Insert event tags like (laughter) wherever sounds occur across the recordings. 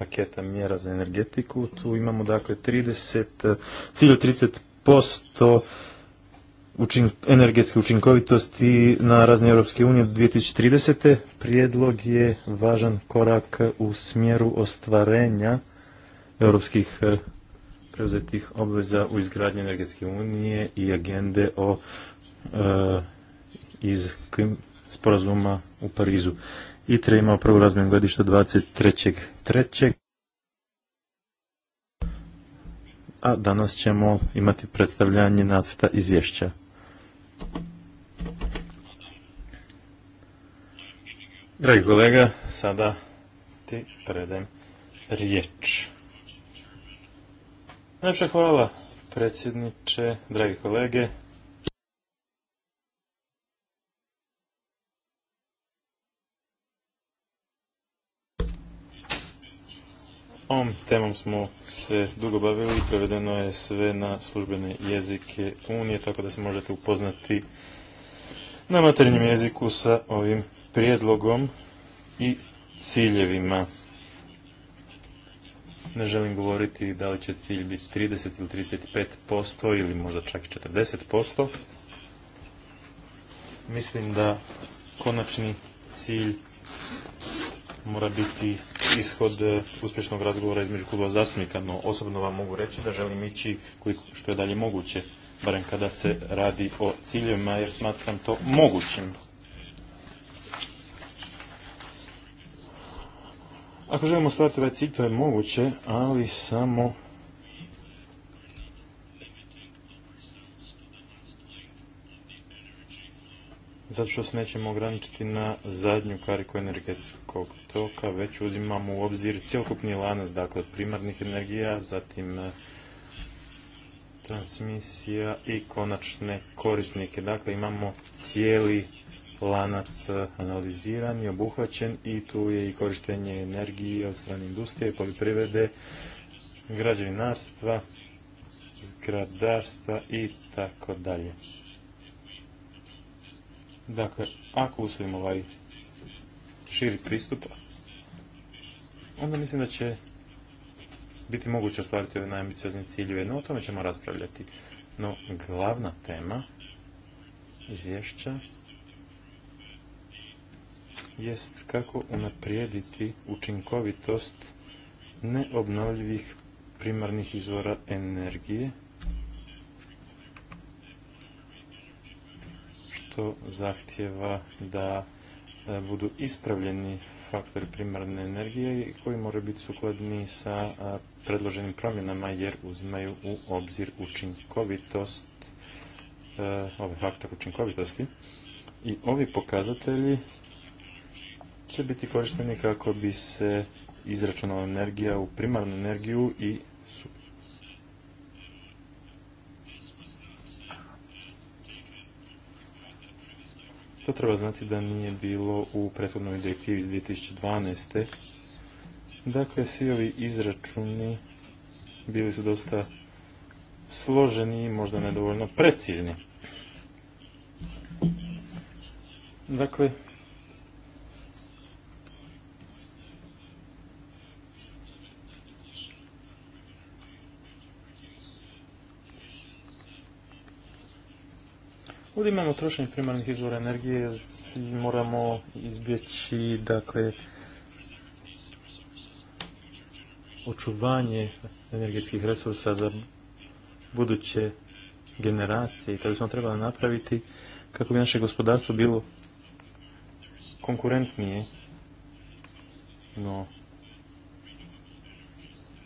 paketa mjera za energetiku. Tu imamo dakle 30, eh, cilj 30% energetske učinkovitosti na razne Europske unije do 2030. Prijedlog je važan korak u smjeru ostvarenja europskih eh, preuzetih obveza u izgradnji energetske unije i agende o eh, iz sporazuma u Parizu. ITRE imao prvu razmjenu gledišta 23.3. A danas ćemo imati predstavljanje nacrta izvješća. Dragi kolega, sada ti predajem riječ. Najpša hvala predsjedniče, dragi kolege, Ovom temom smo se dugo bavili i prevedeno je sve na službene jezike Unije, tako da se možete upoznati na maternjem jeziku sa ovim prijedlogom i ciljevima. Ne želim govoriti da li će cilj biti 30 ili 35% ili možda čak i 40%. Mislim da konačni cilj mora biti ishod e, uspješnog razgovora između kluba zastupnika, no osobno vam mogu reći da želim ići što je dalje moguće, barem kada se radi o ciljevima, jer smatram to mogućim. Ako želimo stvariti ovaj cilj, to je moguće, ali samo zato što se nećemo ograničiti na zadnju kariku energetskog toka, već uzimamo u obzir cjelokupni lanac, dakle primarnih energija, zatim e, transmisija i konačne korisnike. Dakle, imamo cijeli lanac e, analiziran i obuhvaćen i tu je i korištenje energije od strane industrije, poljoprivrede, građevinarstva, zgradarstva i tako dalje. Dakle, ako usvojimo ovaj širi pristup, onda mislim da će biti moguće ostvariti ove najambiciozne ciljeve, no o tome ćemo raspravljati. No, glavna tema izvješća jest kako unaprijediti učinkovitost neobnovljivih primarnih izvora energije što zahtjeva da e, budu ispravljeni faktori primarne energije koji moraju biti sukladni sa e, predloženim promjenama jer uzimaju u obzir učinkovitost e, ovaj faktor učinkovitosti i ovi pokazatelji će biti korišteni kako bi se izračunala energija u primarnu energiju i To treba znati da nije bilo u prethodnoj direktivi iz 2012. Dakle, svi ovi izračuni bili su dosta složeni i možda nedovoljno precizni. Dakle, Ovdje imamo trošenje primarnih izvora energije i moramo izbjeći dakle, očuvanje energetskih resursa za buduće generacije To bi smo trebali napraviti kako bi naše gospodarstvo bilo konkurentnije. No,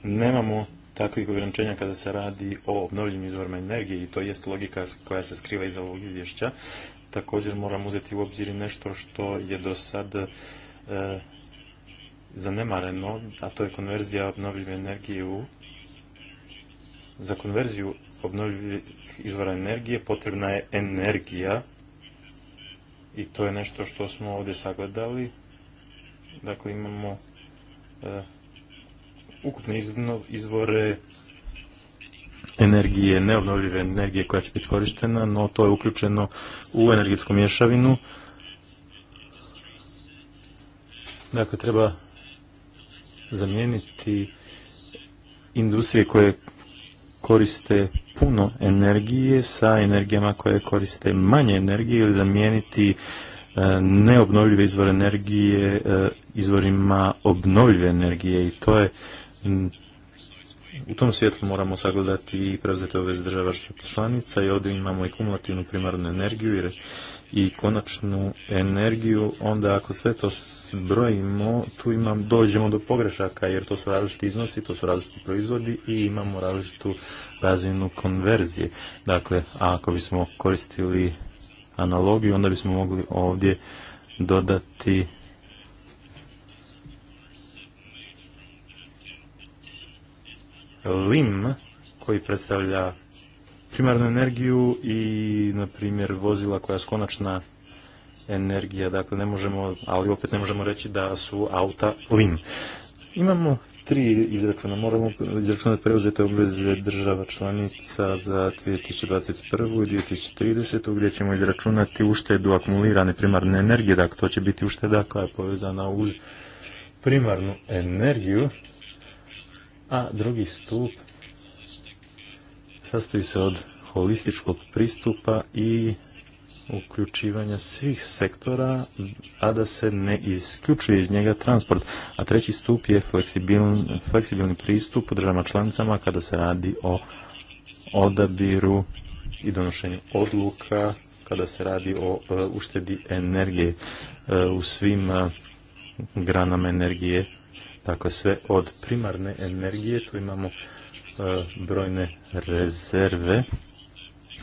nemamo takvih ograničenja kada se radi o obnovljivim izvorima energije i to jest logika koja se skriva iza ovog izvješća. Također moram uzeti u obzir nešto što je do sad e, zanemareno, a to je konverzija obnovljive energije u za konverziju obnovljivih izvora energije potrebna je energija i to je nešto što smo ovdje sagledali. Dakle, imamo e, ukupne izvore energije, neobnovljive energije koja će biti korištena, no to je uključeno u energetsku mješavinu. Dakle, treba zamijeniti industrije koje koriste puno energije sa energijama koje koriste manje energije ili zamijeniti e, neobnovljive izvore energije e, izvorima obnovljive energije i to je u tom svjetlu moramo sagledati i preuzete obveze država članica i ovdje imamo i kumulativnu primarnu energiju i konačnu energiju, onda ako sve to zbrojimo, tu imam, dođemo do pogrešaka jer to su različiti iznosi, to su različiti proizvodi i imamo različitu razinu konverzije. Dakle, ako bismo koristili analogiju, onda bismo mogli ovdje dodati LIM koji predstavlja primarnu energiju i, na primjer, vozila koja je konačna energija, dakle ne možemo, ali opet ne možemo reći da su auta LIM. Imamo tri izračuna, moramo izračunati preuzete obveze država članica za 2021. i 2030. gdje ćemo izračunati uštedu akumulirane primarne energije, dakle to će biti ušteda koja je povezana uz primarnu energiju a drugi stup sastoji se od holističkog pristupa i uključivanja svih sektora, a da se ne isključuje iz njega transport. A treći stup je fleksibilni, fleksibilni pristup u državama članicama kada se radi o odabiru i donošenju odluka, kada se radi o e, uštedi energije e, u svim e, granama energije Dakle, sve od primarne energije, tu imamo e, brojne rezerve.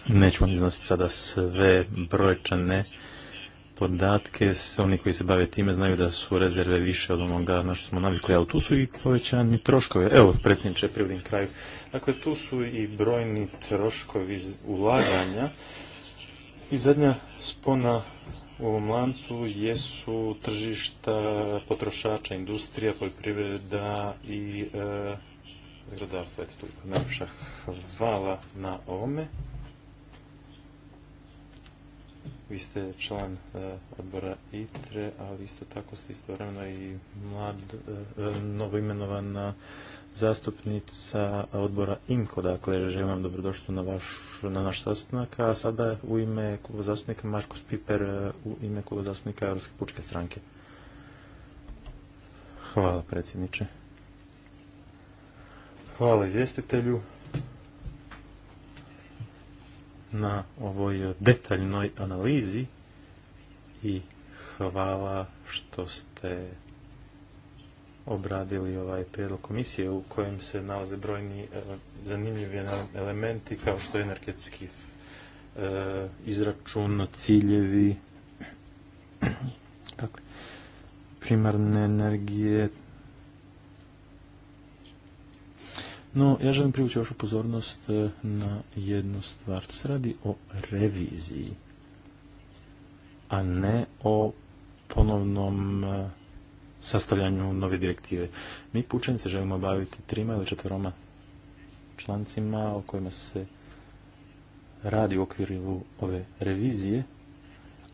nećemo iznositi sada sve brojčane podatke, oni koji se bave time znaju da su rezerve više od onoga na što smo navikli, ali tu su i povećani troškovi. Evo, predsjedniče, privodim kraju. Dakle, tu su i brojni troškovi ulaganja. I zadnja spona u ovom lancu jesu tržišta potrošača, industrija, poljoprivreda i zgradavstva. E, zgradarstva. Eto hvala na ovome. Vi ste član e, odbora ITRE, ali isto tako ste istovremeno i mlad, e, novoimenovan zastupnica odbora IMKO, dakle želim vam dobrodošli na, naš sastanak, a sada u ime kluba zastupnika Markus Piper, u ime kluba zastupnika Europske pučke stranke. Hvala predsjedniče. Hvala izvjestitelju na ovoj detaljnoj analizi i hvala što ste obradili ovaj prijedlog komisije u kojem se nalaze brojni e, zanimljivi elementi kao što je energetski e, izračun, ciljevi, (clears throat) dakle, primarne energije. No, ja želim privući vašu pozornost e, na jednu stvar. Tu se radi o reviziji, a ne o ponovnom sastavljanju nove direktive. Mi pučani se želimo baviti trima ili četvroma člancima o kojima se radi u okviru ove revizije,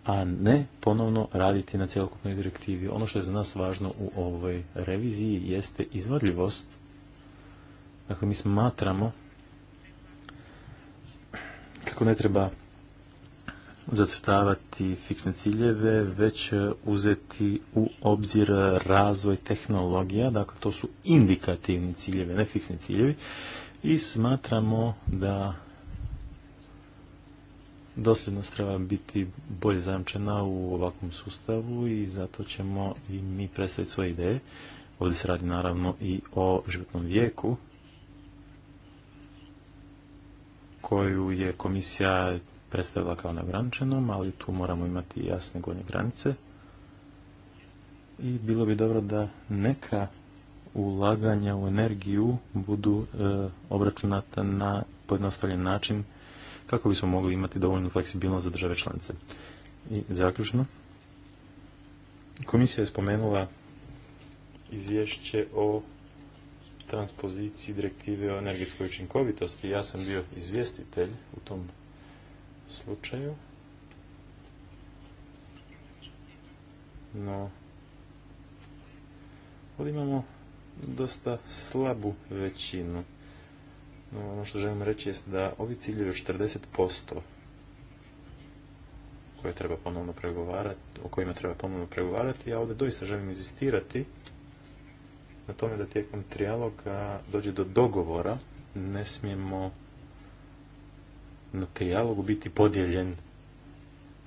a ne ponovno raditi na cjelokupnoj direktivi. Ono što je za nas važno u ovoj reviziji jeste izvadljivost. Dakle, mi smatramo kako ne treba zacrtavati fiksne ciljeve, već e, uzeti u obzir razvoj tehnologija, dakle to su indikativni ciljevi, ne fiksni ciljevi, i smatramo da dosljednost treba biti bolje zamčena u ovakvom sustavu i zato ćemo i mi predstaviti svoje ideje. Ovdje se radi naravno i o životnom vijeku koju je komisija predstavila kao neograničenom, ali tu moramo imati jasne gornje granice. I bilo bi dobro da neka ulaganja u energiju budu e, obračunata na pojednostavljen način kako bismo mogli imati dovoljnu fleksibilnost za države članice. I zaključno, komisija je spomenula izvješće o transpoziciji direktive o energetskoj učinkovitosti. Ja sam bio izvjestitelj u tom slučaju. No, ovdje imamo dosta slabu većinu. No, ono što želim reći je da ovi ciljevi od 40% koje treba ponovno pregovarati, o kojima treba ponovno pregovarati, ja ovdje doista želim inzistirati na tome da tijekom trijaloga dođe do dogovora, ne smijemo na trijalogu biti podijeljen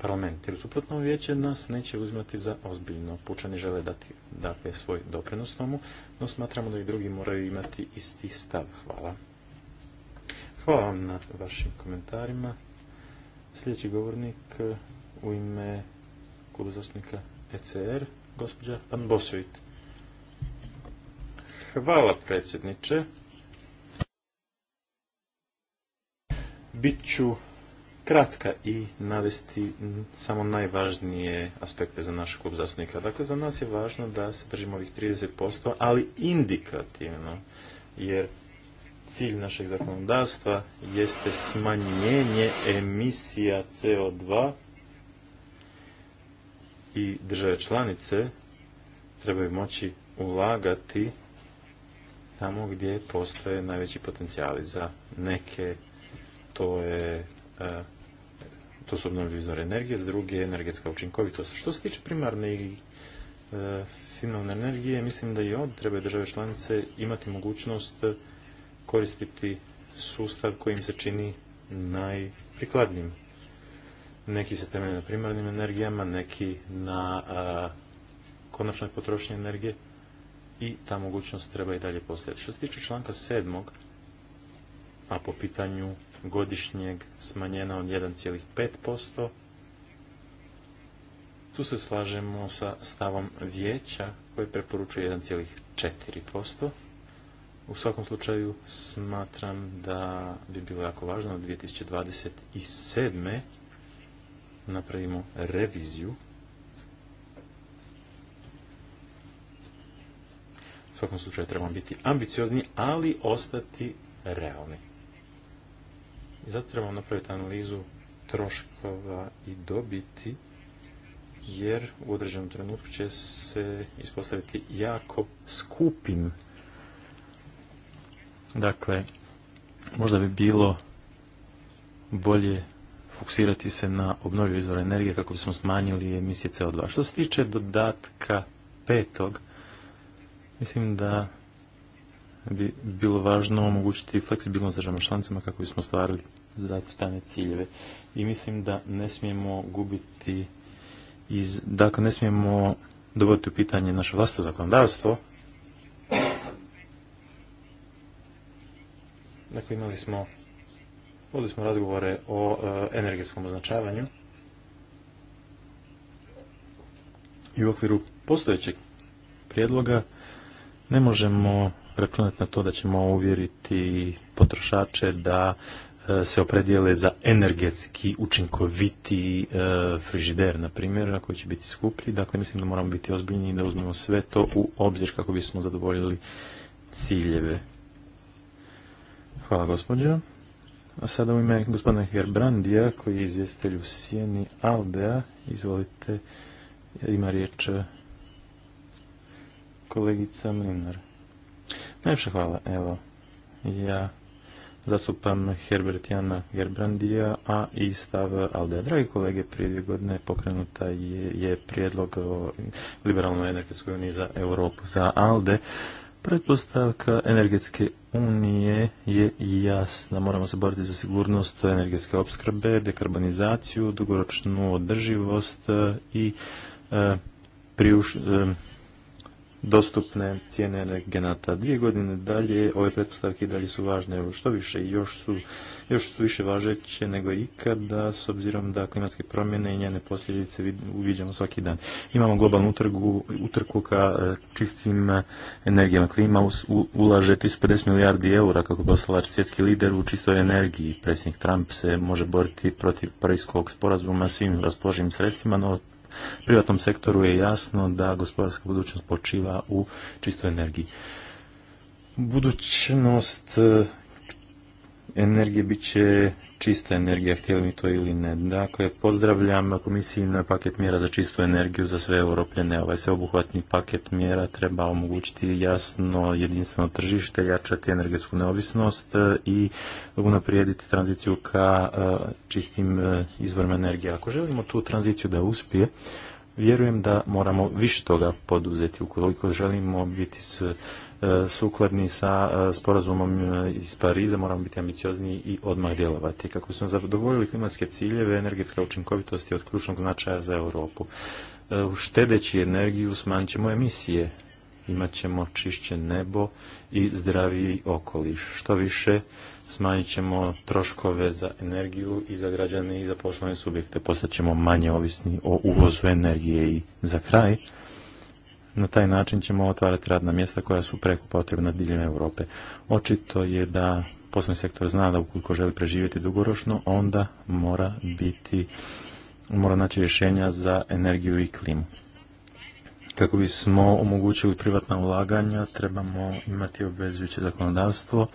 parlament, jer suprotno vijeće nas neće uzimati za ozbiljno. Pučani žele dati dakle, svoj doprinos tomu, no smatramo da i drugi moraju imati isti stav. Hvala. Hvala vam na vašim komentarima. Sljedeći govornik eh, u ime klubu zastupnika ECR, gospođa Pan Bosovit. Hvala predsjedniče. bit ću kratka i navesti samo najvažnije aspekte za naš klub zastupnika. Dakle, za nas je važno da se držimo ovih 30%, ali indikativno, jer cilj našeg zakonodavstva jeste smanjenje emisija CO2 i države članice trebaju moći ulagati tamo gdje postoje najveći potencijali za neke to je e, to su obnovljivi izvori energije, s druge je energetska učinkovitost. Što se tiče primarne i e, finalne energije, mislim da i ovdje trebaju države članice imati mogućnost koristiti sustav koji im se čini najprikladnijim. Neki se temelje na primarnim energijama, neki na e, konačnoj potrošnji energije i ta mogućnost treba i dalje postaviti. Što se tiče članka sedmog, a po pitanju godišnjeg smanjena od 1,5%. Tu se slažemo sa stavom vijeća koji preporučuje 1,4%. U svakom slučaju smatram da bi bilo jako važno od 2027. napravimo reviziju. U svakom slučaju trebamo biti ambiciozni, ali ostati realni zato trebamo napraviti analizu troškova i dobiti, jer u određenom trenutku će se ispostaviti jako skupim. Dakle, možda bi bilo bolje fokusirati se na obnovljive izvore energije kako bismo smanjili emisije CO2. Što se tiče dodatka petog, mislim da bi bilo važno omogućiti fleksibilnost državama članicama kako bismo stvarili zacrtane ciljeve. I mislim da ne smijemo gubiti iz, dakle ne smijemo dovoditi u pitanje naše vlastno zakonodavstvo. Dakle imali smo vodili smo razgovore o e, energetskom označavanju i u okviru postojećeg prijedloga ne možemo računati na to da ćemo uvjeriti potrošače da E, se opredijele za energetski učinkoviti e, frižider, na primjer, koji će biti skuplji. Dakle, mislim da moramo biti ozbiljni i da uzmemo sve to u obzir kako bismo zadovoljili ciljeve. Hvala, gospođo. A sada u ime gospodina Herbrandija, koji je izvjestelj u Sijeni Aldea. Izvolite, ima riječ kolegica Mlinar. Najviše hvala, evo. Ja zastupam Herbert Jana Gerbrandija, a i stav Alde. Dragi kolege, prije godine pokrenuta je, prijedlog o liberalnoj energetskoj uniji za Europu, za Alde. Pretpostavka energetske unije je jasna. Moramo se boriti za sigurnost energetske opskrbe, dekarbonizaciju, dugoročnu održivost e, i e, e, dostupne cijene energenata Dvije godine dalje, ove pretpostavke i dalje su važne, što više, još su, su više važeće nego ikada, s obzirom da klimatske promjene i njene posljedice uviđamo svaki dan. Imamo globalnu utrgu, utrku ka e, čistim energijama. Klima ulaže 350 milijardi eura kako poslala svjetski lider u čistoj energiji. Predsjednik Trump se može boriti protiv parijskog sporazuma svim raspoloživim sredstvima, no privatnom sektoru je jasno da gospodarska budućnost počiva u čistoj energiji. Budućnost energije bit će čista energija, htjeli mi to ili ne. Dakle, pozdravljam komisiji na paket mjera za čistu energiju za sve europljene. Ovaj sveobuhvatni paket mjera treba omogućiti jasno jedinstveno tržište, jačati energetsku neovisnost e, i unaprijediti tranziciju ka e, čistim e, izvorima energije. Ako želimo tu tranziciju da uspije, vjerujem da moramo više toga poduzeti. Ukoliko želimo biti s E, sukladni sa e, sporazumom e, iz Pariza, moramo biti ambiciozniji i odmah djelovati. Kako smo zadovoljili klimatske ciljeve, energetska učinkovitost je od ključnog značaja za Europu. Uštedeći energiju smanjit ćemo emisije, imat ćemo čišće nebo i zdraviji okoliš. Što više, smanjit ćemo troškove za energiju i za građane i za poslovne subjekte. Postat ćemo manje ovisni o uvozu energije i za kraj na taj način ćemo otvarati radna mjesta koja su preko potrebna diljem Europe. Očito je da poslovni sektor zna da ukoliko želi preživjeti dugoročno, onda mora biti mora naći rješenja za energiju i klimu. Kako bismo omogućili privatna ulaganja, trebamo imati obvezujuće zakonodavstvo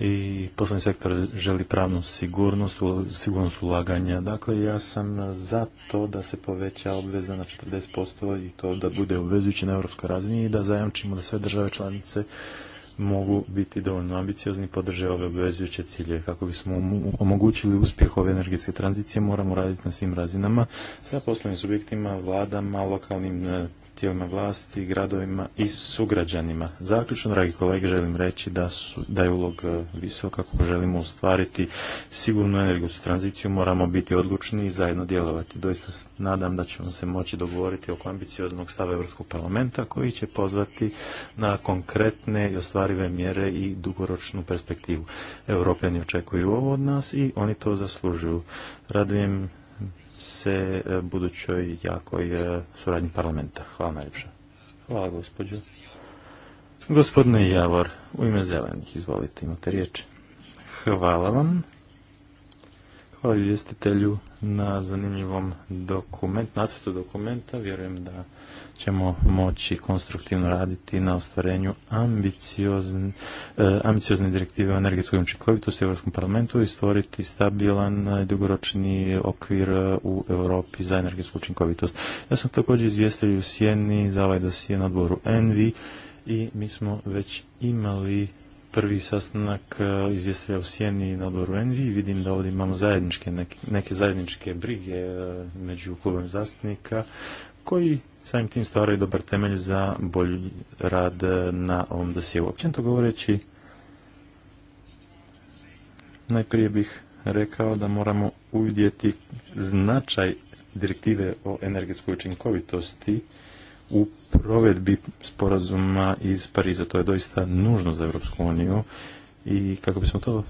i poslovni sektor želi pravnu sigurnost, sigurnost ulaganja. Dakle, ja sam za to da se poveća obveza na 40% i to da bude obvezujući na europskoj razini i da zajamčimo da sve države članice mogu biti dovoljno ambiciozni i podrže ove obvezujuće cilje. Kako bismo omogućili uspjeh ove energetske tranzicije, moramo raditi na svim razinama sa poslovnim subjektima, vladama, lokalnim e, tijelima vlasti, gradovima i sugrađanima. Zaključno, dragi kolege, želim reći da, su, da je ulog e, visok ako želimo ustvariti sigurnu energetsku tranziciju, moramo biti odlučni i zajedno djelovati. Doista nadam da ćemo se moći dogovoriti oko ambicioznog stava Europskog parlamenta koji će pozvati na konkretne i ostvarive mjere i dugoročnu perspektivu. Europljani očekuju ovo od nas i oni to zaslužuju. Radujem se e, budućoj jakoj e, suradnji parlamenta. Hvala najljepša. Hvala gospođo. Gospodine Javor, u ime zelenih, izvolite, imate riječ. Hvala vam. Hvala izvjestitelju na zanimljivom dokumentu nacrtu dokumenta. Vjerujem da ćemo moći konstruktivno raditi na ostvarenju e, ambiciozne, direktive o energetskoj učinkovitosti u Europskom parlamentu i stvoriti stabilan i e, dugoročni okvir e, u Europi za energetsku učinkovitost. Ja sam također izvjestitelj u Sjeni za ovaj dosije na odboru Envi i mi smo već imali prvi sastanak e, izvjestitelja u Sjeni na odboru Envi. Vidim da ovdje imamo neke zajedničke brige e, među klubom zastupnika koji samim tim stvaraju dobar temelj za bolji rad e, na ovom dosjeu. to govoreći, najprije bih rekao da moramo uvidjeti značaj direktive o energetskoj učinkovitosti u provedbi sporazuma iz Pariza. To je doista nužno za Europsku uniju i kako bismo to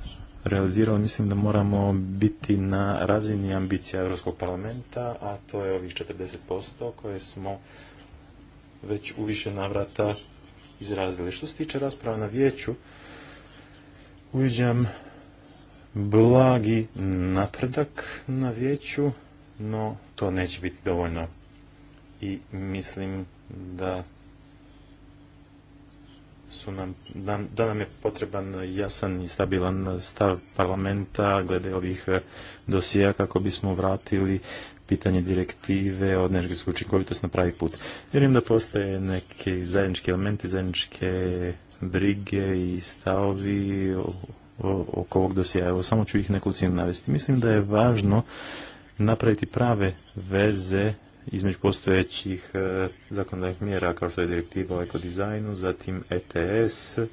realizirali, mislim da moramo biti na razini ambicija Europskog parlamenta, a to je ovih 40% koje smo već u više navrata izrazili. Što se tiče rasprava na vijeću, uviđam blagi napredak na vijeću, no to neće biti dovoljno i mislim da su nam, da, nam je potreban jasan i stabilan stav parlamenta glede ovih eh, dosija kako bismo vratili pitanje direktive od energetskoj učinkovitost na pravi put. Vjerujem da postoje neki zajednički elementi, zajedničke brige i stavovi oko ovog dosija. Evo, samo ću ih nekolicinu navesti. Mislim da je važno napraviti prave veze između postojećih e, zakonodavnih mjera kao što je direktiva o ekodizajnu, zatim ETS, e,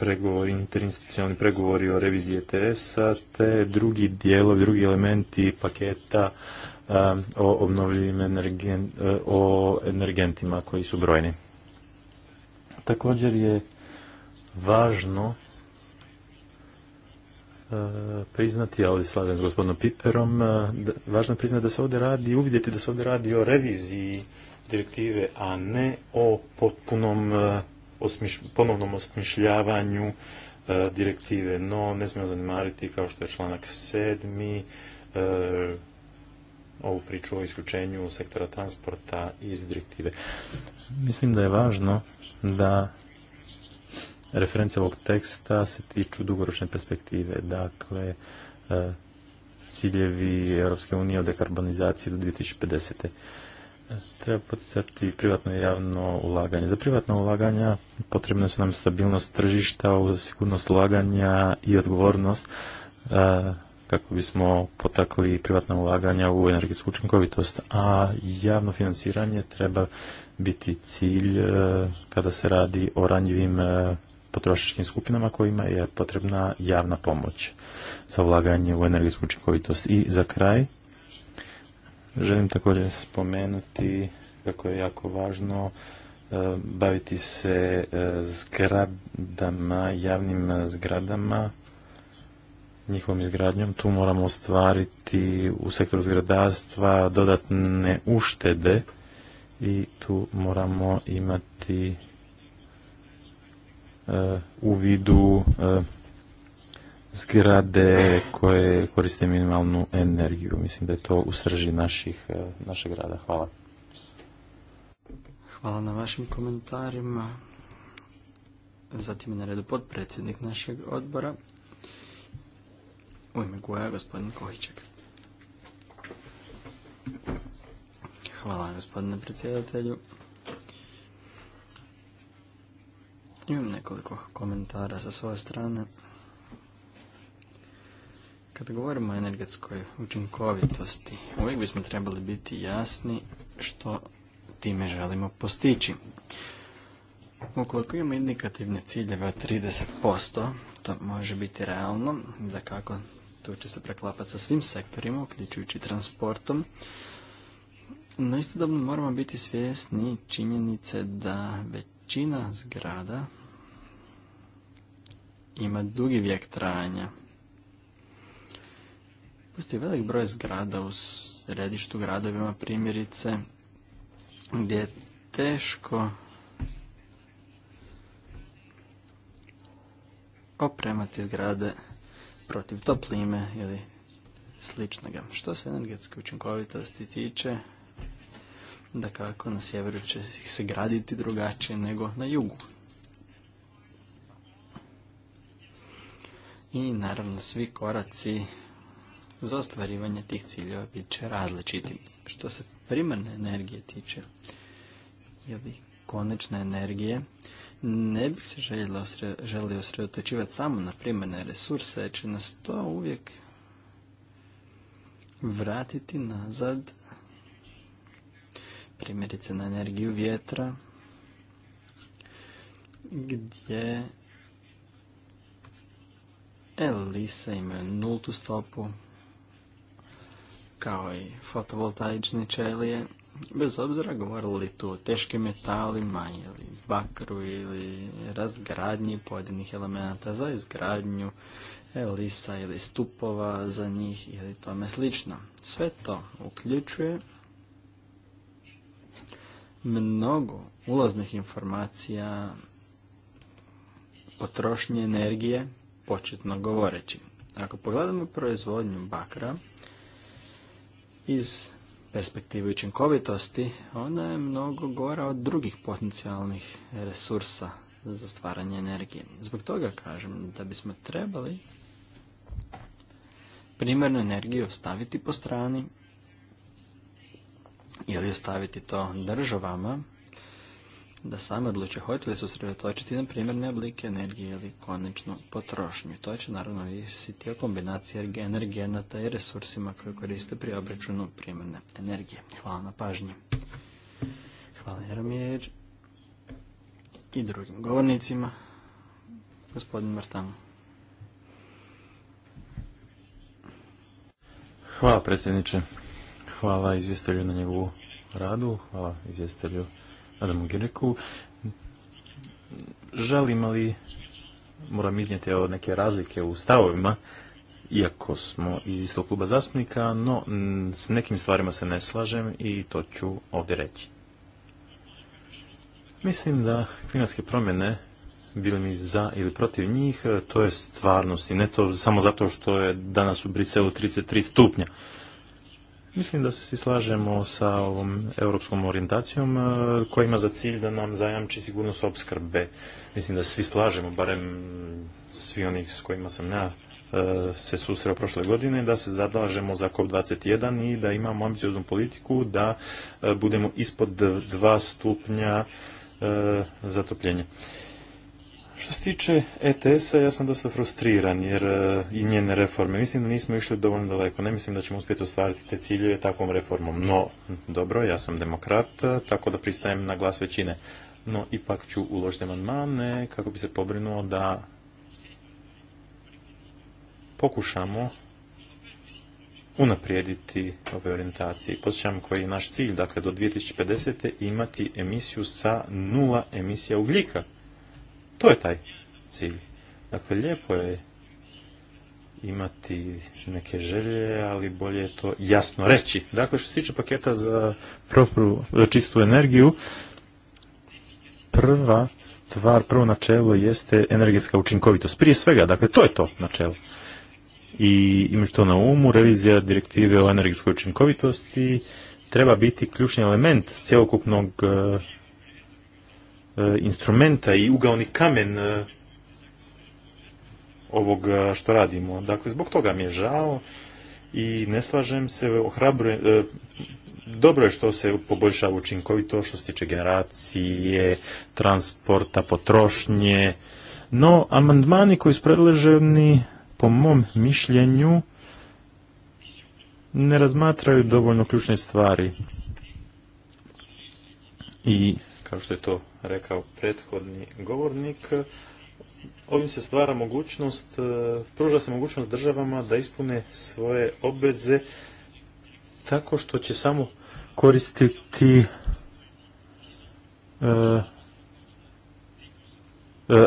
pregovori, interinstitucionalni pregovori o reviziji ETS-a, te drugi dijelovi, drugi elementi paketa e, o obnovljivim o energentima koji su brojni. Također je važno Eh, priznati, ali slavim s gospodinom Piperom, eh, važno je priznati da se ovdje radi, uvidjeti da se ovdje radi o reviziji direktive, a ne o potpunom eh, ponovnom osmišljavanju direktive. No, ne smijemo zanimariti, kao što je članak sedmi, ovu priču o isključenju sektora transporta iz direktive. Mislim da je važno da reference ovog teksta se tiču dugoročne perspektive. Dakle, e, ciljevi Europske unije o dekarbonizaciji do 2050. Treba poticati privatno i javno ulaganje. Za privatno ulaganja potrebna su nam stabilnost tržišta, sigurnost ulaganja i odgovornost e, kako bismo potakli privatna ulaganja u energetsku učinkovitost, a javno financiranje treba biti cilj e, kada se radi o ranjivim potrošačkim skupinama kojima je potrebna javna pomoć za ulaganje u energetsku učinkovitost. I za kraj želim također spomenuti kako je jako važno e, baviti se e, zgradama, javnim e, zgradama, njihovom izgradnjom. Tu moramo ostvariti u sektoru zgradarstva dodatne uštede i tu moramo imati u vidu e, zgrade koje koriste minimalnu energiju. Mislim da je to u srži naših, e, našeg rada. Hvala. Hvala na vašim komentarima. Zatim je na redu podpredsjednik našeg odbora. U ime Guja, gospodin Kohiček. Hvala gospodine predsjedatelju. Imam nekoliko komentara sa svoje strane. Kada govorimo o energetskoj učinkovitosti, uvijek bismo trebali biti jasni što time želimo postići. Ukoliko imamo indikativne ciljeve od 30%, to može biti realno, da kako tu će se preklapati sa svim sektorima, uključujući transportom, no istodobno moramo biti svjesni činjenice da već većina zgrada ima dugi vijek trajanja. Postoji velik broj zgrada u središtu gradovima, primjerice, gdje je teško opremati zgrade protiv toplime ili sličnoga. Što se energetske učinkovitosti tiče, da kako na sjeveru će ih se graditi drugačije nego na jugu. I naravno svi koraci za ostvarivanje tih ciljeva bit će različiti. Što se primarne energije tiče, ili konečne energije, ne bih se želi osredotočivati samo na primarne resurse, jer će nas to uvijek vratiti nazad primjerice na energiju vjetra, gdje Elisa imaju nultu stopu, kao i fotovoltaične čelije, bez obzira govorili tu o teškim metalima ili bakru ili razgradnji pojedinih elemenata za izgradnju elisa ili stupova za njih ili tome slično. Sve to uključuje mnogo ulaznih informacija potrošnje energije, početno govoreći. Ako pogledamo proizvodnju bakra iz perspektive učinkovitosti, ona je mnogo gora od drugih potencijalnih resursa za stvaranje energije. Zbog toga kažem da bismo trebali primarnu energiju staviti po strani ili ostaviti to državama da same odluče hoće li se usredotočiti na primjerne oblike energije ili konačnu potrošnju. To će naravno visiti o kombinaciji energenata i resursima koje koriste pri obračunu primjerne energije. Hvala na pažnji. Hvala i drugim govornicima. Gospodin Martano. Hvala predsjedniče. Hvala izvjestelju na njegovu radu, hvala izvjestelju Adamu Gireku. Žalim, ali moram iznijeti evo neke razlike u stavovima, iako smo iz istog kluba zastupnika, no s nekim stvarima se ne slažem i to ću ovdje reći. Mislim da klimatske promjene bili mi za ili protiv njih, to je stvarnost i ne to samo zato što je danas u Briselu 33 stupnja. Mislim da se svi slažemo sa ovom europskom orijentacijom e, koja ima za cilj da nam zajamči sigurnost opskrbe. Mislim da se svi slažemo, barem svi oni s kojima sam ja e, se susreo prošle godine, da se zadlažemo za COP21 i da imamo ambicioznu politiku da e, budemo ispod dva stupnja zatopljenja. Što se tiče ETS-a, ja sam dosta frustriran jer e, i njene reforme. Mislim da nismo išli dovoljno daleko. Ne mislim da ćemo uspjeti ostvariti te ciljeve takvom reformom. No, dobro, ja sam demokrat, e, tako da pristajem na glas većine. No, ipak ću uložiti amandmane kako bi se pobrinuo da pokušamo unaprijediti ove orijentacije. Posjećam koji je naš cilj, dakle do 2050. imati emisiju sa nula emisija ugljika to je taj cilj. Dakle, lijepo je imati neke želje, ali bolje je to jasno reći. Dakle, što se tiče paketa za, propru, za čistu energiju, prva stvar, prvo načelo jeste energetska učinkovitost. Prije svega, dakle, to je to načelo. I imajući to na umu, revizija direktive o energetskoj učinkovitosti treba biti ključni element cjelokupnog eh, E, instrumenta i ugaoni kamen e, ovog e, što radimo. Dakle, zbog toga mi je žao i ne slažem se, dobro je što se poboljšava učinkovito što se tiče generacije, transporta, potrošnje, no amandmani koji su predloženi po mom mišljenju ne razmatraju dovoljno ključne stvari. I kao što je to rekao prethodni govornik, ovim se stvara mogućnost, e, pruža se mogućnost državama da ispune svoje obveze tako što će samo koristiti e, e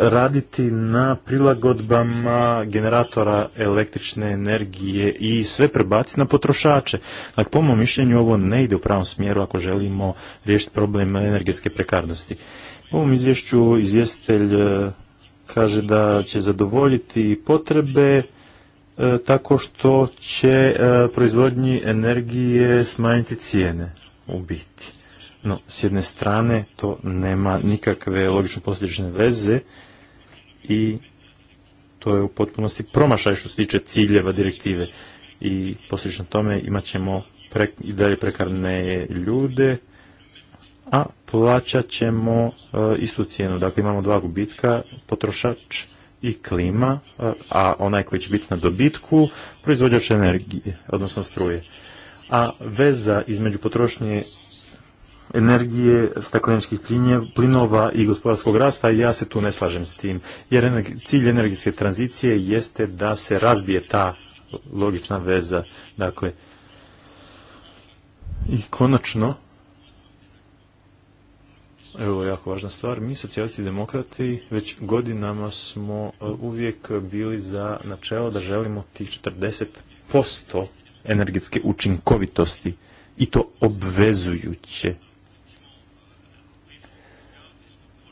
raditi na prilagodbama generatora električne energije i sve prebaciti na potrošače. Dakle, po mom mišljenju ovo ne ide u pravom smjeru ako želimo riješiti problem energetske prekarnosti. U ovom izvješću izvjestitelj e, kaže da će zadovoljiti potrebe e, tako što će e, proizvodnji energije smanjiti cijene u biti. No, s jedne strane to nema nikakve logično posljedične veze i to je u potpunosti promašaj što se tiče ciljeva direktive i posljedično tome imat ćemo i dalje prekarne ljude a plaćat ćemo e, istu cijenu. Dakle, imamo dva gubitka, potrošač i klima, e, a onaj koji će biti na dobitku, proizvođač energije, odnosno struje. A veza između potrošnje energije, stakleničkih plinova i gospodarskog rasta ja se tu ne slažem s tim. Jer cilj energijske tranzicije jeste da se razbije ta logična veza. Dakle, i konačno, Evo, jako važna stvar. Mi, socijalisti i demokrati, već godinama smo e, uvijek bili za načelo da želimo tih 40% energetske učinkovitosti i to obvezujuće.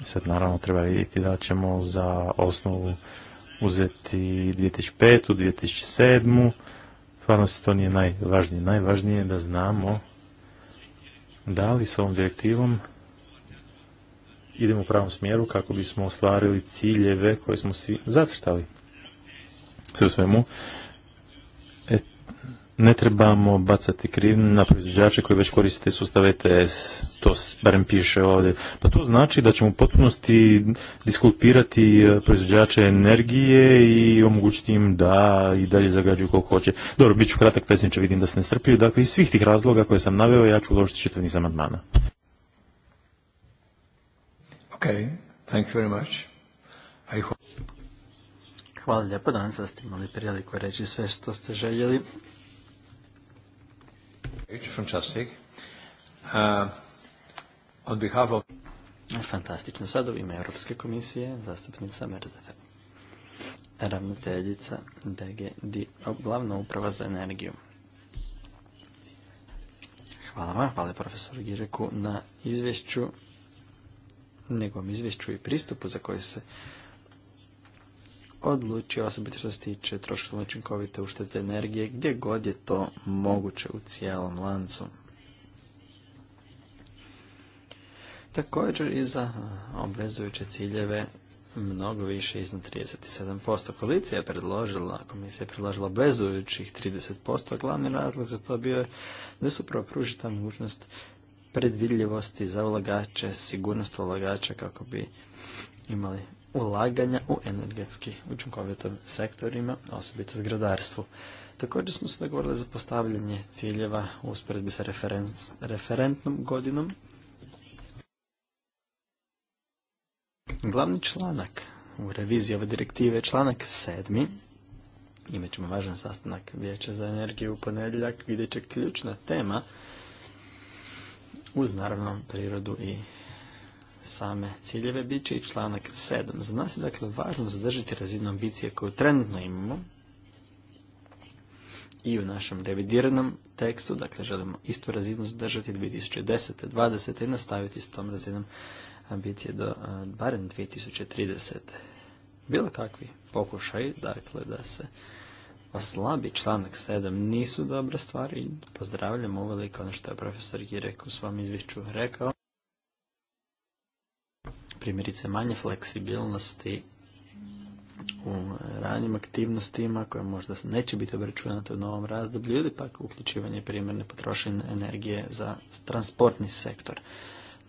Sad naravno treba vidjeti da ćemo za osnovu uzeti 2005. 2007. Stvarno se to nije najvažnije. Najvažnije je da znamo da li s ovom direktivom idemo u pravom smjeru kako bismo ostvarili ciljeve koje smo si zacrtali. Sve u svemu, e ne trebamo bacati kriv na proizvođače koji već koriste sustav ETS, to barem piše ovdje. Pa to znači da ćemo u potpunosti diskulpirati e, proizvođače energije i omogućiti im da i dalje zagađuju koliko hoće. Dobro, bit ću kratak predsjedniče, vidim da ste strpili. Dakle, iz svih tih razloga koje sam naveo, ja ću uložiti čitav niz amandmana. Okay, thank you very much. I hope... Hvala lijepo, danas da ste imali priliku reći sve što ste željeli. Fantastic. Uh, Fantastično. Sada u ime Europske komisije, zastupnica Merzefe, ravnateljica DGD, glavna uprava za energiju. Hvala vam, hvala profesoru Gireku na izvješću njegovom izvješću i pristupu za koji se odlučio osobito što se tiče troškovno učinkovite uštete energije gdje god je to moguće u cijelom lancu. Također i za obvezujuće ciljeve mnogo više iznad 37%. Koalicija je predložila, komisija je predložila obvezujućih 30%, a glavni razlog za to bio je da su pružita mogućnost predvidljivosti za ulagače, sigurnost ulagača kako bi imali ulaganja u energetski učinkovitom sektorima, osobito zgradarstvu. Također smo se dogovorili za postavljanje ciljeva u usporedbi sa referentnom godinom. Glavni članak u reviziji ove direktive je članak sedmi. Imaćemo važan sastanak Vijeća za energiju u ponedjeljak gdje će ključna tema uz naravno prirodu i same ciljeve bit će i članak 7. Za nas je dakle važno zadržati razinu ambicije koju trenutno imamo i u našem revidiranom tekstu, dakle želimo istu razinu zadržati 2010. 20. i nastaviti s tom razinom ambicije do barem 2030. Bilo kakvi pokušaj, dakle, da se oslabi pa članak 7 nisu dobre stvari pozdravljam uveliko ono što je profesor Girek u svom izvješću rekao. Primjerice manje fleksibilnosti u ranjim aktivnostima koje možda neće biti obračunate u novom razdoblju ili pak uključivanje primjerne potrošene energije za transportni sektor.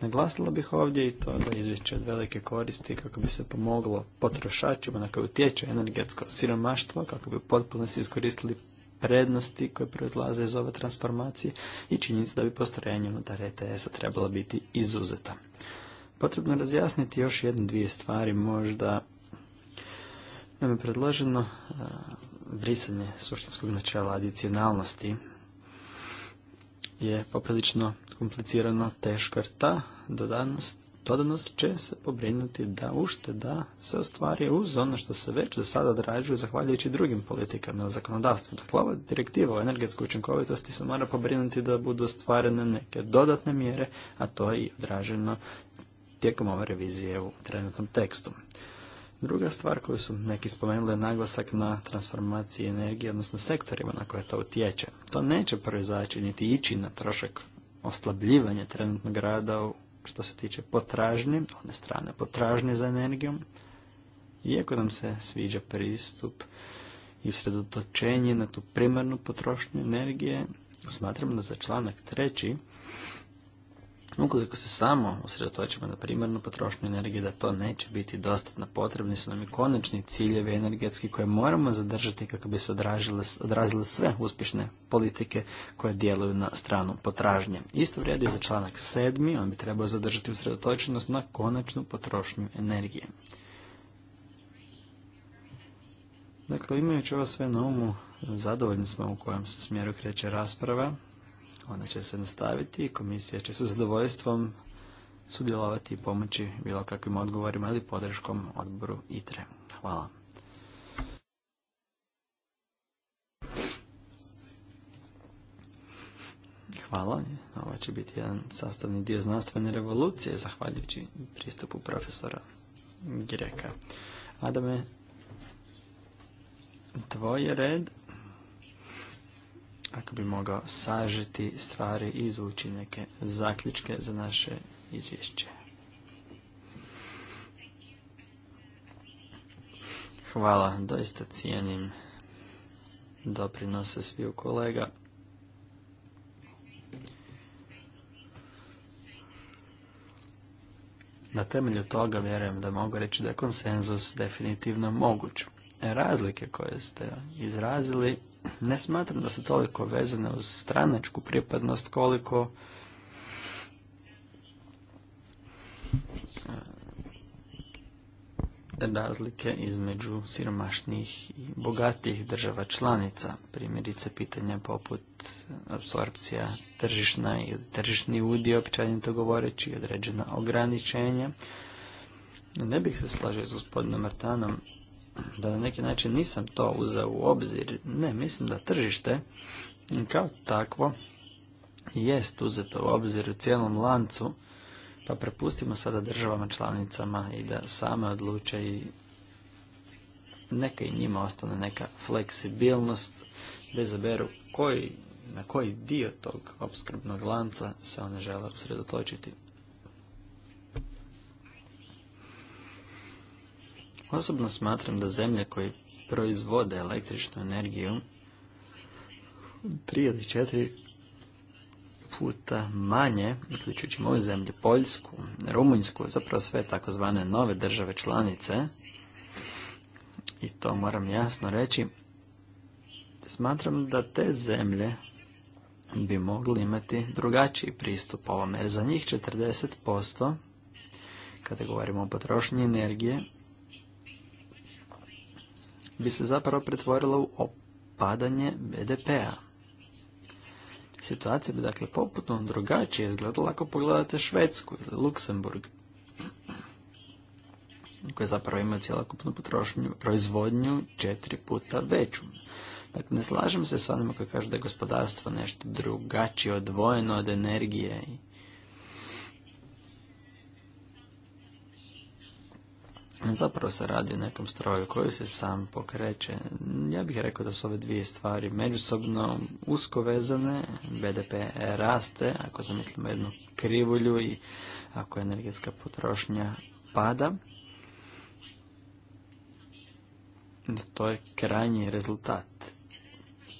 Naglasila bih ovdje i to da izvješće od velike koristi kako bi se pomoglo potrošačima na koje utječe energetsko siromaštvo, kako bi potpuno se iskoristili prednosti koje proizlaze iz ove transformacije i činjenica da bi postrojenje unutar ETS-a trebalo biti izuzeta. Potrebno je razjasniti još jednu dvije stvari, možda nam je predloženo brisanje suštinskog načela adicionalnosti je poprilično komplicirano, teško, jer ta dodanost, dodanost će se pobrinuti da ušteda se ostvari uz ono što se već do sada odrađuje zahvaljujući drugim politikama ili zakonodavstvu. Dakle, ova direktiva o energetskoj učinkovitosti se mora pobrinuti da budu ostvarene neke dodatne mjere, a to je i odraženo tijekom ove revizije u trenutnom tekstu. Druga stvar koju su neki spomenuli je naglasak na transformaciji energije, odnosno sektorima na koje to utječe. To neće proizaći niti ići na trošak oslabljivanje trenutnog rada što se tiče potražnje, one strane potražnje za energijom, iako nam se sviđa pristup i usredotočenje na tu primarnu potrošnju energije, smatramo da za članak treći Ukoliko se samo usredotočimo na primarnu potrošnju energije, da to neće biti dostatno potrebni su nam i konačni ciljevi energetski koje moramo zadržati kako bi se odrazile sve uspješne politike koje djeluju na stranu potražnje. Isto vrijedi za članak 7. On bi trebao zadržati usredotočenost na konačnu potrošnju energije. Dakle, imajući ovo sve na umu, zadovoljni smo u kojem se smjeru kreće rasprava. Ona će se nastaviti i komisija će sa zadovoljstvom sudjelovati i pomoći bilo kakvim odgovorima ili podrškom odboru ITRE. Hvala. Hvala. Ovo će biti jedan sastavni dio znanstvene revolucije, zahvaljujući pristupu profesora Greka. Adame, tvoj je red ako bi mogao sažeti stvari i izvući neke zaključke za naše izvješće. Hvala, doista cijenim doprinose sviju kolega. Na temelju toga vjerujem da mogu reći da je konsenzus definitivno moguć razlike koje ste izrazili ne smatram da su toliko vezane uz stranačku pripadnost koliko e, razlike između siromašnih i bogatijih država članica. Primjerice pitanja poput apsorpcija tržišna ili tržišni udio, općenito govoreći, određena ograničenja. Ne bih se slažio s gospodinom Martanom da na neki način nisam to uzeo u obzir. Ne, mislim da tržište kao takvo jest uzeto u obzir u cijelom lancu, pa prepustimo sada državama članicama i da same odluče i neka i njima ostane neka fleksibilnost da izaberu koji, na koji dio tog opskrbnog lanca se one žele usredotočiti. Osobno smatram da zemlje koje proizvode električnu energiju tri ili četiri puta manje, uključujući moju zemlju, Poljsku, Rumunjsku, zapravo sve takozvane nove države članice, i to moram jasno reći, smatram da te zemlje bi mogli imati drugačiji pristup ovome. jer za njih 40%, kada govorimo o potrošnji energije, bi se zapravo pretvorila u opadanje BDP-a. Situacija bi dakle poputno drugačije izgledala ako pogledate Švedsku ili Luksemburg koje zapravo imaju cjelokupnu potrošnju, proizvodnju četiri puta veću. Dakle, ne slažem se sa onima koji kažu da je gospodarstvo nešto drugačije odvojeno od energije i Zapravo se radi o nekom stroju koji se sam pokreće. Ja bih rekao da su ove dvije stvari međusobno usko vezane. BDP raste, ako zamislimo jednu krivulju i ako energetska potrošnja pada, to je krajnji rezultat,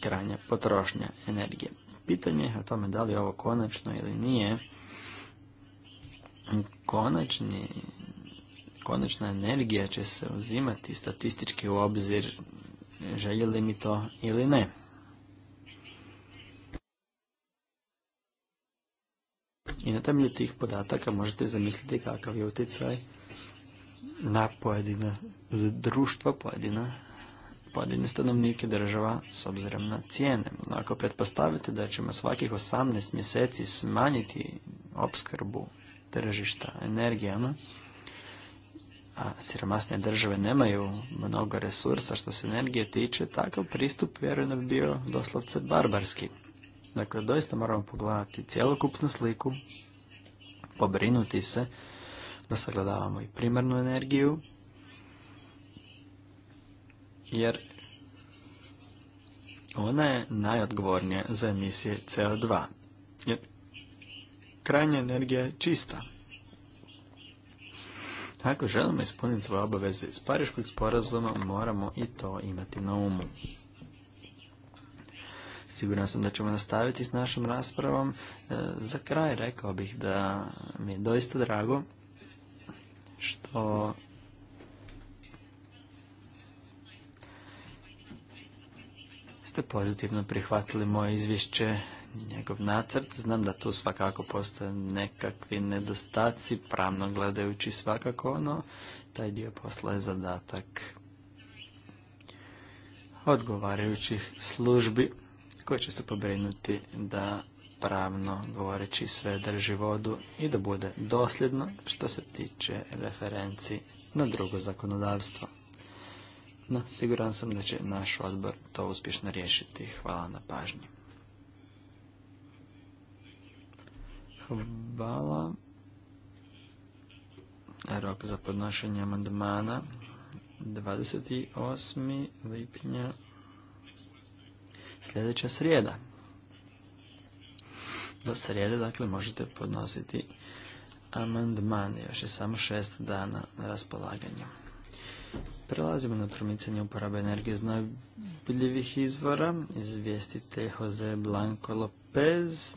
krajnja potrošnja energije. Pitanje je o tome da li je ovo konačno ili nije. Konačni konačna energija će se uzimati statistički u obzir željeli mi to ili ne. I na temelju tih podataka možete zamisliti kakav je utjecaj na pojedina društva, pojedina pojedine stanovnike država s obzirom na cijene. No, ako pretpostavite da ćemo svakih 18 mjeseci smanjiti opskrbu tržišta energijama, a siromasne države nemaju mnogo resursa što se energije tiče, takav pristup vjerujem bi bio doslovce barbarski. Dakle, doista moramo pogledati cjelokupnu sliku, pobrinuti se da sagledavamo i primarnu energiju, jer ona je najodgovornija za emisije CO2. Jer krajnja energija je čista, ako želimo ispuniti svoje obaveze iz Pariškog sporazuma, moramo i to imati na umu. Siguran sam da ćemo nastaviti s našom raspravom. E, za kraj rekao bih da mi je doista drago što ste pozitivno prihvatili moje izvješće njegov nacrt. Znam da tu svakako postoje nekakvi nedostaci, pravno gledajući svakako, no taj dio posla je zadatak odgovarajućih službi koje će se pobrinuti da pravno govoreći sve drži vodu i da bude dosljedno što se tiče referenci na drugo zakonodavstvo. No, siguran sam da će naš odbor to uspješno riješiti. Hvala na pažnji. Hvala. Rok za podnošenje amandmana 28. lipnja sljedeća srijeda. Do srijede, dakle, možete podnositi amandman. Još je samo šest dana na raspolaganju. Prelazimo na promicanje uporabe energije iz izvora. Izvijestite Jose Blanco Lopez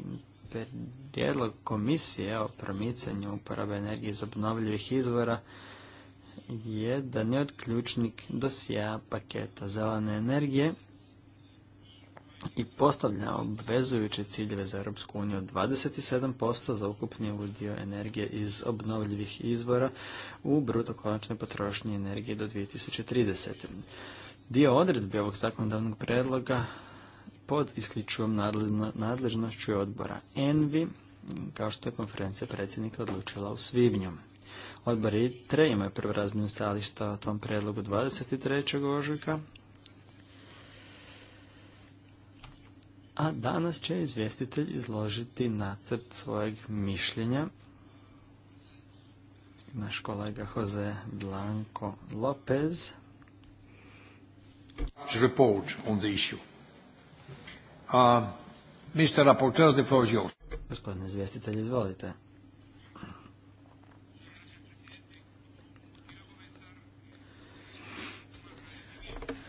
prijedlog komisije o promicanju uporabe energije iz obnovljivih izvora je da ne od dosija paketa zelene energije i postavlja obvezujuće ciljeve za Europsku uniju 27% za ukupni udio energije iz obnovljivih izvora u bruto konačnoj potrošnji energije do 2030. Dio odredbi ovog zakonodavnog predloga pod isključivom nadležnošću odbora ENVI, kao što je konferencija predsjednika odlučila u svibnju. Odbor ITRE imaju prvo razmjenu stajališta o tom predlogu 23. ožujka, a danas će izvjestitelj izložiti nacrt svojeg mišljenja. Naš kolega Jose Blanco Lopez. report on the issue. Mr. Rapporteur, the floor Gospodine izvjestitelj, izvolite.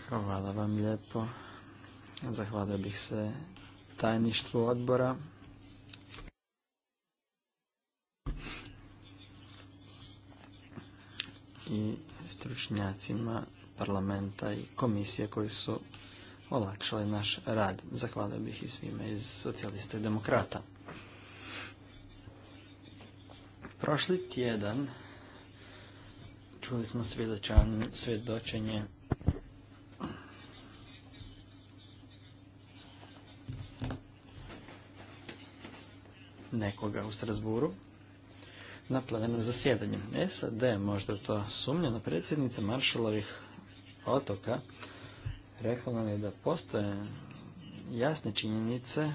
Hvala vam lijepo. Zahvalio bih se tajništvu odbora. I stručnjacima parlamenta i komisije koji su olakšale naš rad. Zahvalio bih i svime iz socijalista i demokrata. Prošli tjedan čuli smo svjedočenje nekoga u Strasburu na plenarnom zasjedanju. E, SAD možda to sumnja na predsjednice Maršalovih otoka rekao nam je da postoje jasne činjenice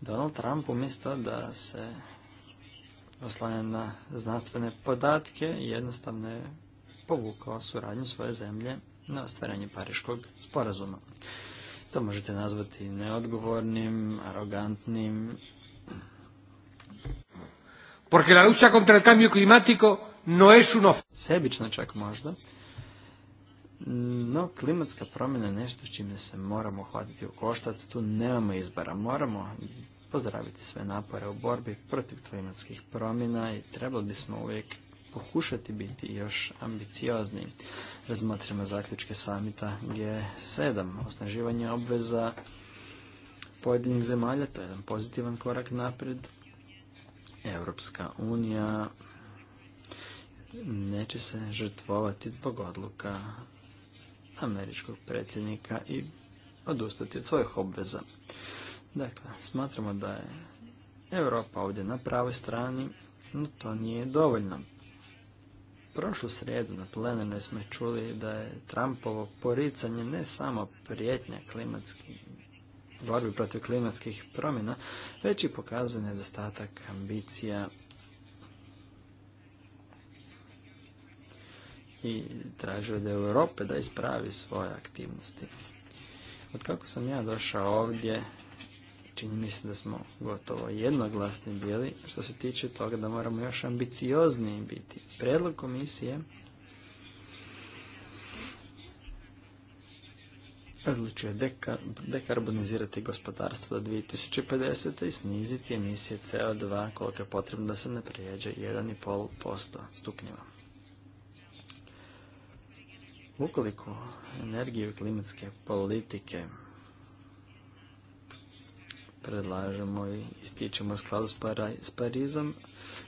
Donald Trump umjesto da se oslanja na znanstvene podatke jednostavno je povukao suradnju svoje zemlje na ostvarenje Pariškog sporazuma. To možete nazvati neodgovornim, arogantnim. Porque la lucha contra el cambio climático no es Sebično čak možda, no, klimatska promjena je nešto s čime se moramo hvatiti u koštac, tu nemamo izbora. Moramo pozdraviti sve napore u borbi protiv klimatskih promjena i trebali bismo uvijek pokušati biti još ambiciozni. Razmotrimo zaključke samita G7, osnaživanje obveza pojedinih zemalja, to je jedan pozitivan korak naprijed. Europska unija neće se žrtvovati zbog odluka američkog predsjednika i odustati od svojih obveza. Dakle, smatramo da je Europa ovdje na pravoj strani, no to nije dovoljno. Prošlu srijedu na plenarnoj smo čuli da je Trumpovo poricanje ne samo prijetnja klimatskih borbi protiv klimatskih promjena, već i pokazuje nedostatak ambicija i tražio od Europe da ispravi svoje aktivnosti. Od kako sam ja došao ovdje, čini mi se da smo gotovo jednoglasni bili što se tiče toga da moramo još ambiciozniji biti. Predlog komisije odlučuje deka, dekarbonizirati gospodarstvo do 2050. i sniziti emisije CO2 koliko je potrebno da se ne prijeđe 1,5% stupnjeva. Ukoliko energiju i klimatske politike predlažemo i ističemo skladu s Parizom,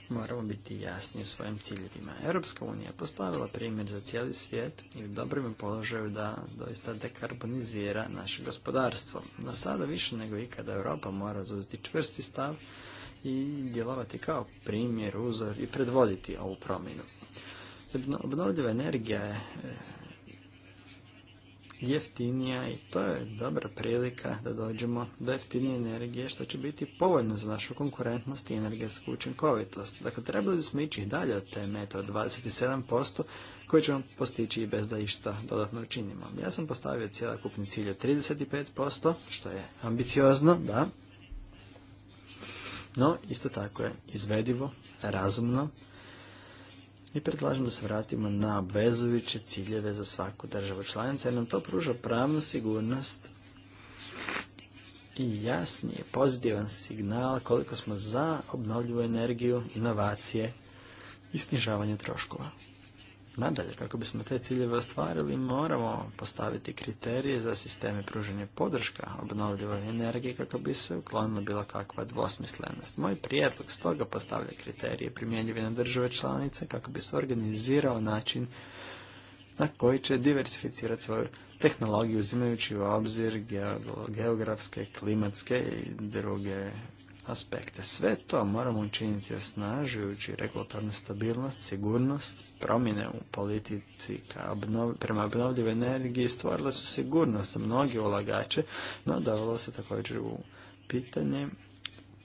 moramo biti jasni u svojim ciljevima. Europska unija postavila primjer za cijeli svijet i u dobrim položaju da doista dekarbonizira naše gospodarstvo. No sada više nego ikada Europa mora zauzeti čvrsti stav i djelovati kao primjer, uzor i predvoditi ovu promjenu. Obnovljiva energija je jeftinija i to je dobra prilika da dođemo do jeftinije energije što će biti povoljno za našu konkurentnost i energetsku učinkovitost. Dakle, trebali bismo ići dalje od te meta od 27% koje ćemo postići bez da išta dodatno učinimo. Ja sam postavio kupni cilj od 35%, što je ambiciozno, da, no isto tako je izvedivo, razumno i predlažem da se vratimo na obvezujuće ciljeve za svaku državu članicu jer nam to pruža pravnu sigurnost i jasni je pozitivan signal koliko smo za obnovljivu energiju, inovacije i snižavanje troškova. Nadalje, kako bismo te ciljeve ostvarili, moramo postaviti kriterije za sisteme pružanja podrška obnovljivoj energije kako bi se uklonila bila kakva dvosmislenost. Moj prijedlog stoga postavlja kriterije primjenjive na države članice kako bi se organizirao način na koji će diversificirati svoju tehnologiju uzimajući u obzir geografske, klimatske i druge aspekte. Sve to moramo učiniti osnažujući regulatornu stabilnost, sigurnost, promjene u politici ka prema obnovljivoj energiji stvorile su sigurnost za mnogi ulagače, no dovelo se također u pitanje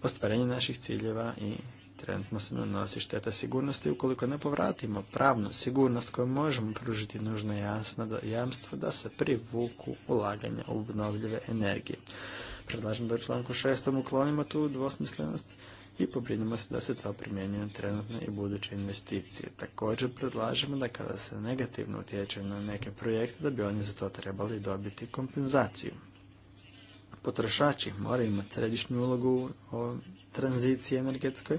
ostvarenje naših ciljeva i trenutno se nanosi šteta sigurnosti ukoliko ne povratimo pravnu sigurnost koju možemo pružiti nužno jasno da jamstvo da se privuku ulaganja u obnovljive energije. Predlažem da u članku šestom uklonimo tu dvosmislenost i pobrinimo se da se to primjenjuje na trenutne i buduće investicije. Također predlažemo da kada se negativno utječe na neke projekte, da bi oni za to trebali dobiti kompenzaciju. Potrošači moraju imati središnju ulogu o tranziciji energetskoj,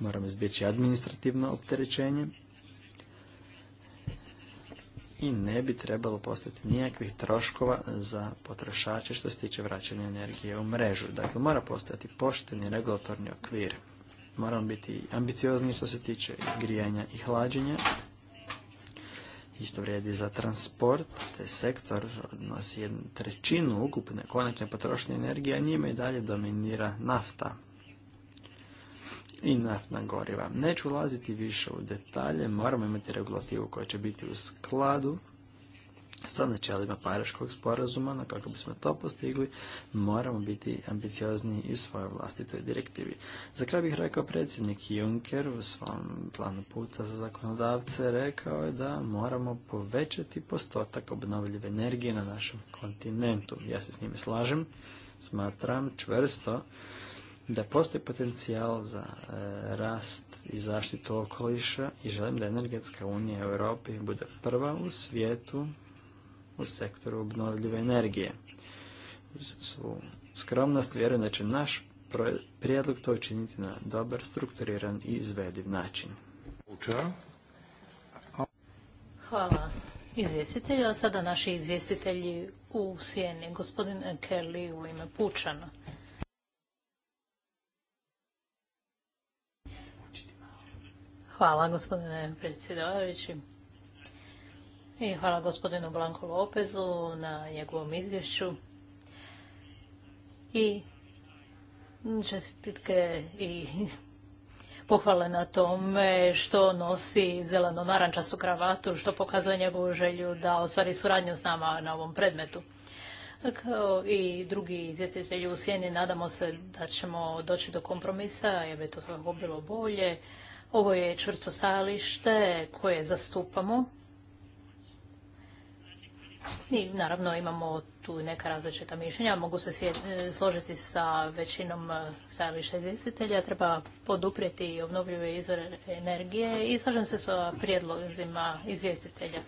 moramo izbjeći administrativno opterećenje i ne bi trebalo postati nijakvih troškova za potrošače što se tiče vraćanja energije u mrežu. Dakle, mora postati pošteni regulatorni okvir. Moramo biti ambiciozni što se tiče grijanja i hlađenja. Isto vrijedi za transport, te sektor odnosi jednu trećinu ukupne konačne potrošnje energije, a njime i dalje dominira nafta i naftna goriva. Neću ulaziti više u detalje, moramo imati regulativu koja će biti u skladu sa načelima Pariškog sporazuma, na kako bismo to postigli, moramo biti ambiciozni i u svojoj vlastitoj direktivi. Za kraj bih rekao predsjednik Juncker u svom planu puta za zakonodavce rekao je da moramo povećati postotak obnovljive energije na našem kontinentu. Ja se s njime slažem, smatram čvrsto da postoji potencijal za e, rast i zaštitu okoliša i želim da energetska unija u Europi bude prva u svijetu u sektoru obnovljive energije. Uz svu skromnost vjerujem da će naš prijedlog to učiniti na dobar, strukturiran i izvediv način. Hvala izvjestitelju, a sada naši izvjestitelji u sjeni. Gospodin Kelly u ime Pučana. Hvala gospodine predsjedavajući. I hvala gospodinu Blanku Lopezu na njegovom izvješću. I čestitke i pohvale na tome što nosi zeleno-narančastu kravatu, što pokazuje njegovu želju da ostvari suradnju s nama na ovom predmetu. Kao i drugi izvjestitelji u sjeni, nadamo se da ćemo doći do kompromisa, jer bi to bilo bolje. Ovo je čvrsto stajalište koje zastupamo. I naravno imamo tu neka različita mišljenja. Mogu se složiti sa većinom e, stajališta izvjestitelja. Treba poduprijeti obnovljive izvore energije i slažem se sa prijedlozima izvjestitelja.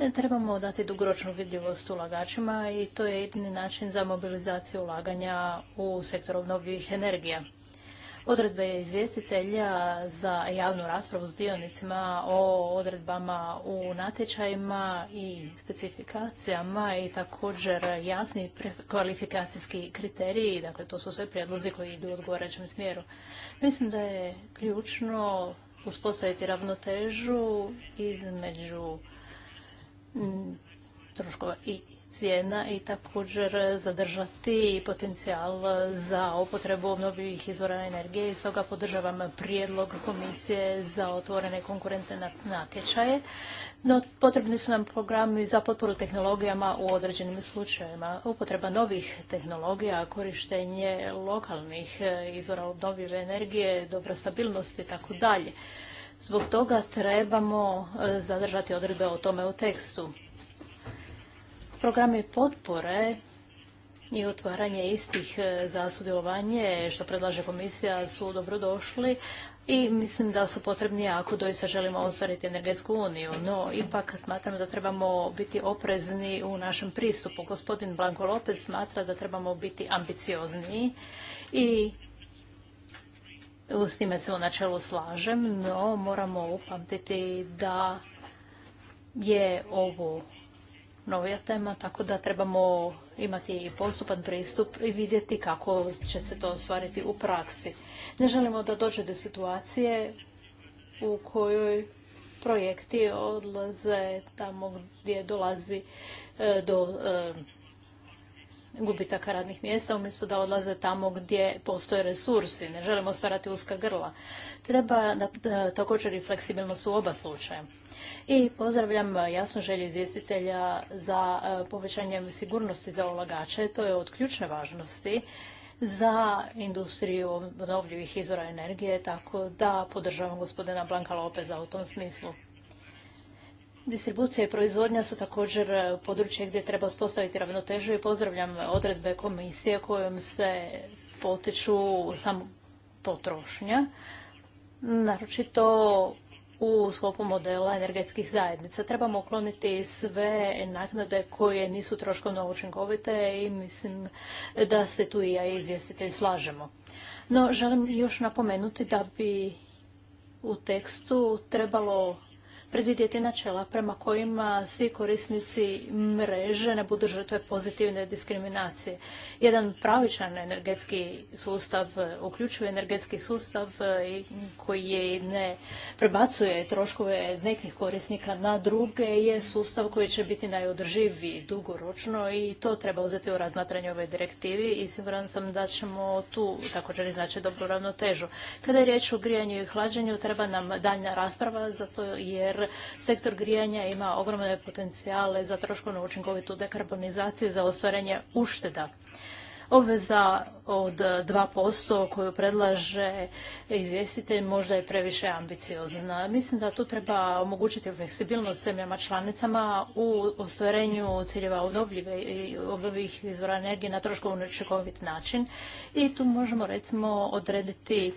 E, trebamo dati dugoročnu vidljivost ulagačima i to je jedini način za mobilizaciju ulaganja u sektor obnovljivih energija odredbe izvjestitelja za javnu raspravu s dionicima o odredbama u natječajima i specifikacijama i također jasni kvalifikacijski kriteriji, dakle to su sve prijedlozi koji idu u odgovarajućem smjeru. Mislim da je ključno uspostaviti ravnotežu između mm, troškova i cijena i također zadržati potencijal za upotrebu obnovljivih izvora energije i stoga podržavam prijedlog Komisije za otvorene konkurentne natječaje. No, potrebni su nam programi za potporu tehnologijama u određenim slučajevima. Upotreba novih tehnologija, korištenje lokalnih e, izvora obnovljive energije, dobra stabilnost i tako dalje. Zbog toga trebamo e, zadržati odredbe o tome u tekstu programe potpore i otvaranje istih e, za sudjelovanje što predlaže komisija su dobrodošli i mislim da su potrebni ako doista želimo ostvariti energetsku uniju. No, ipak smatram da trebamo biti oprezni u našem pristupu. Gospodin Blanko Lopez smatra da trebamo biti ambiciozniji i s time se u načelu slažem, no moramo upamtiti da je ovo novija tema, tako da trebamo imati i postupan pristup i vidjeti kako će se to ostvariti u praksi. Ne želimo da dođe do situacije u kojoj projekti odlaze tamo gdje dolazi e, do e, gubitaka radnih mjesta, umjesto da odlaze tamo gdje postoje resursi. Ne želimo stvarati uska grla. Treba e, također i fleksibilnost u oba slučaja i pozdravljam e, jasnu želju izvjestitelja za e, povećanjem sigurnosti za ulagače. To je od ključne važnosti za industriju obnovljivih izvora energije, tako da podržavam gospodina Blanka Lopeza u tom smislu. Distribucija i proizvodnja su također e, područje gdje treba uspostaviti ravnotežu i pozdravljam odredbe komisije kojom se potiču samo potrošnja, naročito u sklopu modela energetskih zajednica. Trebamo ukloniti sve naknade koje nisu troškovno učinkovite i mislim da se tu i ja i izvjestitelj slažemo. No, želim još napomenuti da bi u tekstu trebalo predvidjeti načela prema kojima svi korisnici mreže ne budu žrtve pozitivne diskriminacije. Jedan pravičan energetski sustav uključuje energetski sustav e, koji ne prebacuje troškove nekih korisnika na druge je sustav koji će biti najodrživiji dugoročno i to treba uzeti u razmatranje ove direktivi i siguran sam da ćemo tu također iznaći dobru ravnotežu. Kada je riječ o grijanju i hlađenju treba nam daljna rasprava zato jer jer sektor grijanja ima ogromne potencijale za troškovno učinkovitu dekarbonizaciju za ostvarenje ušteda. Obveza od 2% koju predlaže izvjestitelj možda je previše ambiciozna. Mislim da tu treba omogućiti fleksibilnost zemljama članicama u ostvarenju ciljeva obnovljivih izvora energije na troškovno učinkovit način i tu možemo recimo odrediti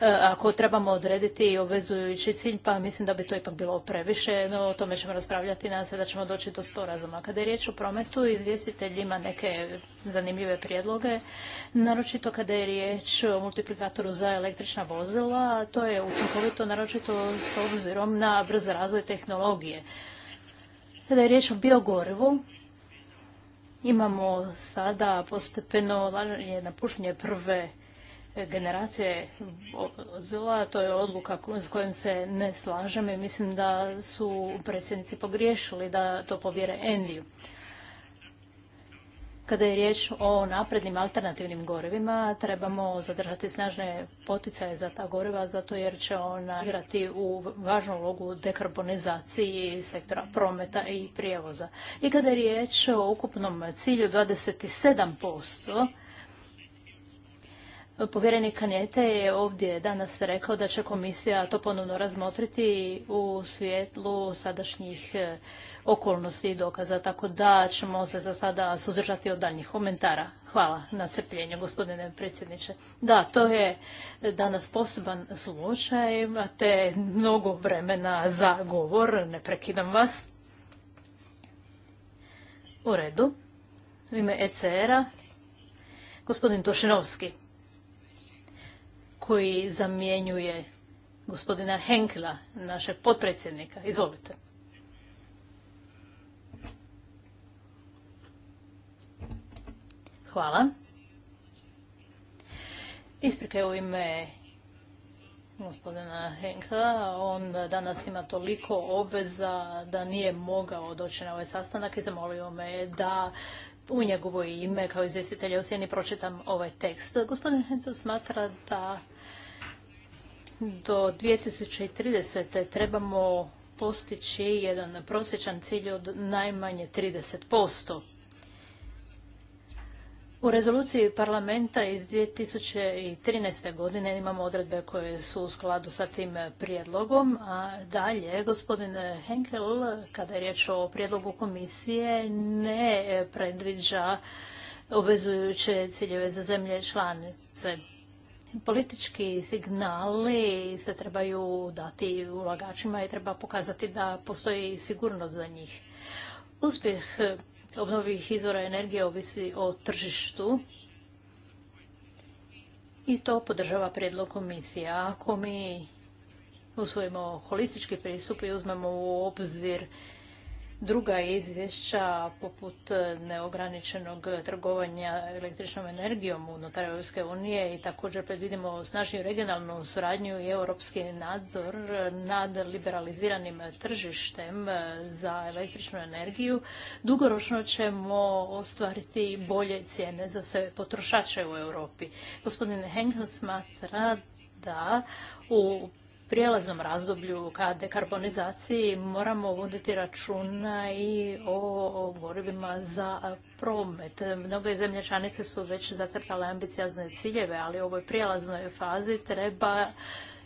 E, ako trebamo odrediti obvezujući cilj, pa mislim da bi to ipak bilo previše, no o tome ćemo raspravljati, nadam se da ćemo doći do sporazuma. Kada je riječ o prometu, izvjestitelj ima neke zanimljive prijedloge, naročito kada je riječ o multiplikatoru za električna vozila, to je učinkovito naročito s obzirom na brz razvoj tehnologije. Kada je riječ o biogorivu, imamo sada postepeno napušenje prve generacije vozila, to je odluka s kojom se ne slažem i mislim da su predsjednici pogriješili da to povjere Endiju. Kada je riječ o naprednim alternativnim gorivima, trebamo zadržati snažne poticaje za ta goriva, zato jer će ona igrati u važnu ulogu dekarbonizaciji sektora prometa i prijevoza. I kada je riječ o ukupnom cilju 27%, Povjerenik Kanete je ovdje danas rekao da će komisija to ponovno razmotriti u svjetlu sadašnjih e, okolnosti i dokaza, tako da ćemo se za sada suzdržati od daljnjih komentara. Hvala na crpljenju, gospodine predsjedniče. Da, to je danas poseban slučaj, imate mnogo vremena za govor, ne prekidam vas. U redu. U ime ECR-a, gospodin Tošinovski koji zamjenjuje gospodina Henkla, našeg potpredsjednika. Izvolite. Hvala. Isprike u ime gospodina henkla On danas ima toliko obveza da nije mogao doći na ovaj sastanak i zamolio me da u njegovo ime kao izvjestitelja u pročitam ovaj tekst. Gospodin Henco smatra da do 2030. trebamo postići jedan prosječan cilj od najmanje 30%. U rezoluciji parlamenta iz 2013. godine imamo odredbe koje su u skladu sa tim prijedlogom, a dalje gospodin Henkel, kada je riječ o prijedlogu komisije, ne predviđa obvezujuće ciljeve za zemlje članice. Politički signali se trebaju dati ulagačima i treba pokazati da postoji sigurnost za njih. Uspjeh obnovih izvora energije ovisi o tržištu i to podržava prijedlog komisije. Ako mi usvojimo holistički pristup i uzmemo u obzir druga izvješća poput neograničenog trgovanja električnom energijom unutar Europske unije i također predvidimo snažniju regionalnu suradnju i europski nadzor nad liberaliziranim tržištem za električnu energiju, dugoročno ćemo ostvariti bolje cijene za sve potrošače u Europi. Gospodine Henkel smatra da u prijelaznom razdoblju ka dekarbonizaciji moramo voditi računa i o gorivima za promet. Mnoge zemlje članice su već zacrtale ambiciozne ciljeve, ali u ovoj prijelaznoj fazi treba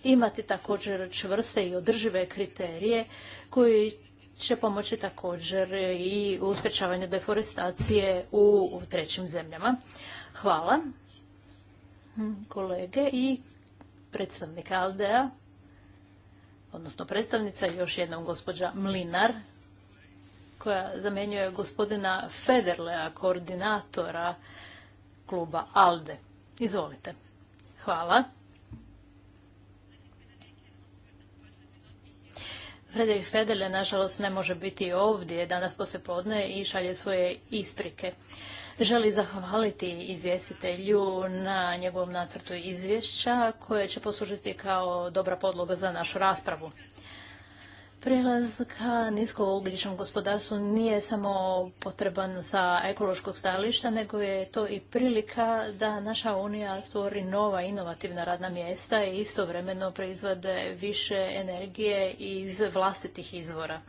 imati također čvrste i održive kriterije koji će pomoći također i u uspječavanju deforestacije u trećim zemljama. Hvala kolege i predstavnika Aldea odnosno predstavnica, još jednom gospođa Mlinar, koja zamenjuje gospodina Federlea, koordinatora kluba ALDE. Izvolite. Hvala. Frederik Federle, nažalost, ne može biti ovdje danas podne i šalje svoje isprike želi zahvaliti izvjestitelju na njegovom nacrtu izvješća koje će poslužiti kao dobra podloga za našu raspravu nisko niskougljičnom gospodarstvu nije samo potreban sa ekološkog stajališta, nego je to i prilika da naša Unija stvori nova inovativna radna mjesta i istovremeno proizvode više energije iz vlastitih izvora.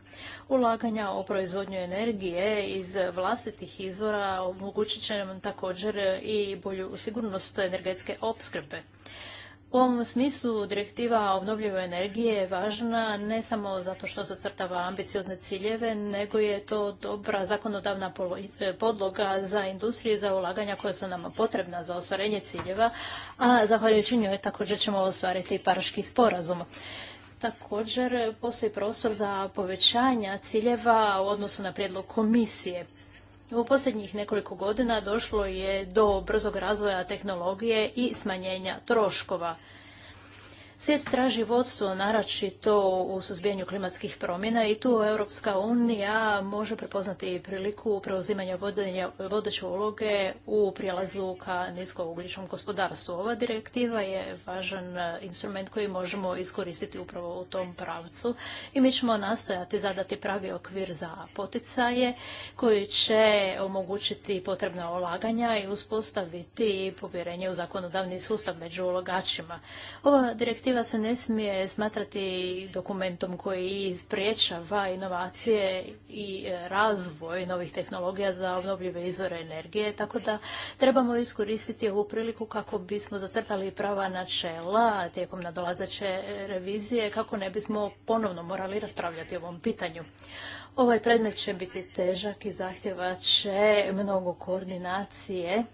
Ulaganja o proizvodnju energije iz vlastitih izvora omogućit će nam također i bolju sigurnost energetske opskrbe. U ovom smislu direktiva obnovljive energije je važna ne samo zato što zacrtava ambiciozne ciljeve, nego je to dobra zakonodavna e, podloga za industriju i za ulaganja koja su nama potrebna za ostvarenje ciljeva, a zahvaljujući njoj također ćemo ostvariti paraški sporazum. Također postoji prostor za povećanja ciljeva u odnosu na prijedlog komisije. U posljednjih nekoliko godina došlo je do brzog razvoja tehnologije i smanjenja troškova. Svijet traži vodstvo naročito u suzbijanju klimatskih promjena i tu Europska unija može prepoznati priliku preuzimanja vodeće uloge u prijelazu ka niskougljičnom gospodarstvu. Ova direktiva je važan instrument koji možemo iskoristiti upravo u tom pravcu i mi ćemo nastojati zadati pravi okvir za poticaje koji će omogućiti potrebna ulaganja i uspostaviti povjerenje u zakonodavni sustav među ulogačima. Ova direktiva direktiva se ne smije smatrati dokumentom koji spriječava inovacije i e, razvoj novih tehnologija za obnovljive izvore energije, tako da trebamo iskoristiti ovu priliku kako bismo zacrtali prava načela tijekom nadolazeće e, revizije, kako ne bismo ponovno morali raspravljati o ovom pitanju. Ovaj predmet će biti težak i zahtjevaće mnogo koordinacije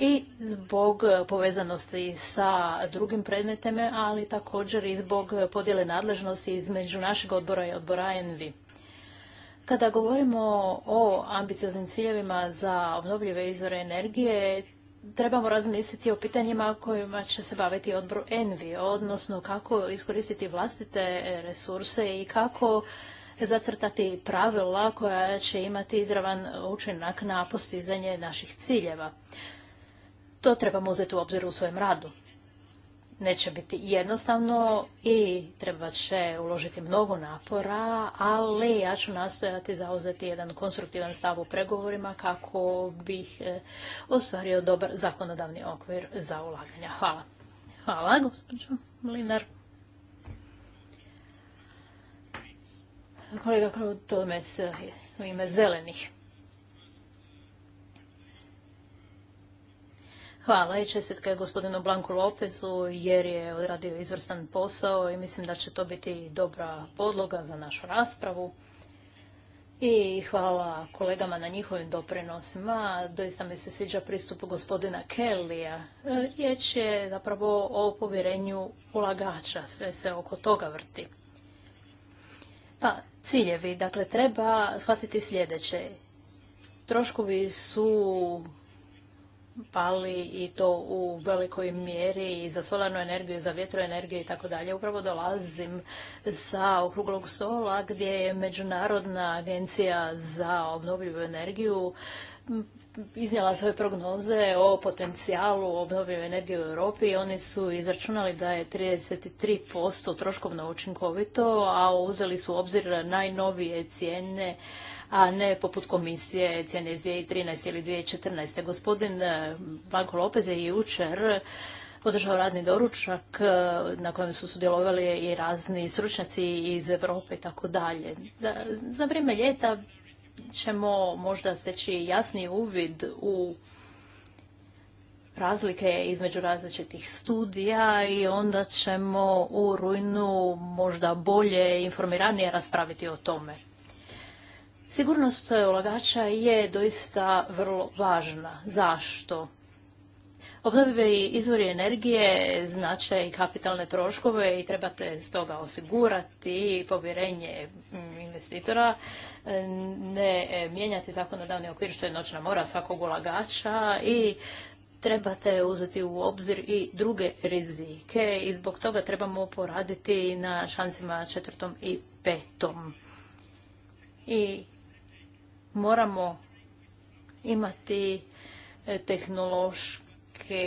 i zbog povezanosti sa drugim predmetima, ali također i zbog podjele nadležnosti između našeg odbora i odbora ENVI. Kada govorimo o ambicioznim ciljevima za obnovljive izvore energije, trebamo razmisliti o pitanjima kojima će se baviti odbor ENVI, odnosno kako iskoristiti vlastite resurse i kako zacrtati pravila koja će imati izravan učinak na postizanje naših ciljeva. To trebamo uzeti u obzir u svojem radu. Neće biti jednostavno i treba će uložiti mnogo napora, ali ja ću nastojati zauzeti jedan konstruktivan stav u pregovorima kako bih e, ostvario dobar zakonodavni okvir za ulaganja. Hvala. Hvala, gospođo Mlinar. Kolega Krutomes u ime zelenih. Hvala i čestitke gospodinu Blanku Lopezu jer je odradio izvrstan posao i mislim da će to biti dobra podloga za našu raspravu. I hvala kolegama na njihovim doprinosima. Doista mi se sviđa pristup gospodina Kellija. E, riječ je zapravo o povjerenju ulagača. Sve se oko toga vrti. Pa, ciljevi. Dakle, treba shvatiti sljedeće. Troškovi su pali i to u velikoj mjeri i za solarnu energiju, za vjetroenergiju i tako dalje. Upravo dolazim sa okruglog stola gdje je Međunarodna agencija za obnovljivu energiju iznijela svoje prognoze o potencijalu obnovljive energije u Europi i oni su izračunali da je 33% troškovno učinkovito, a uzeli su obzir najnovije cijene a ne poput komisije cijene iz 2013. ili 2014. Gospodin eh, Marko Lopez je jučer podržao radni doručak eh, na kojem su sudjelovali i razni stručnjaci iz Europe i tako dalje. Za vrijeme ljeta ćemo možda steći jasni uvid u razlike između različitih studija i onda ćemo u rujnu možda bolje informiranije raspraviti o tome. Sigurnost ulagača je doista vrlo važna. Zašto? Obnovljive izvori energije znače i kapitalne troškove i trebate stoga osigurati povjerenje mm, investitora, ne mijenjati zakonodavni okvir što je noćna mora svakog ulagača i trebate uzeti u obzir i druge rizike i zbog toga trebamo poraditi na šansima četvrtom i petom. I moramo imati e, tehnološke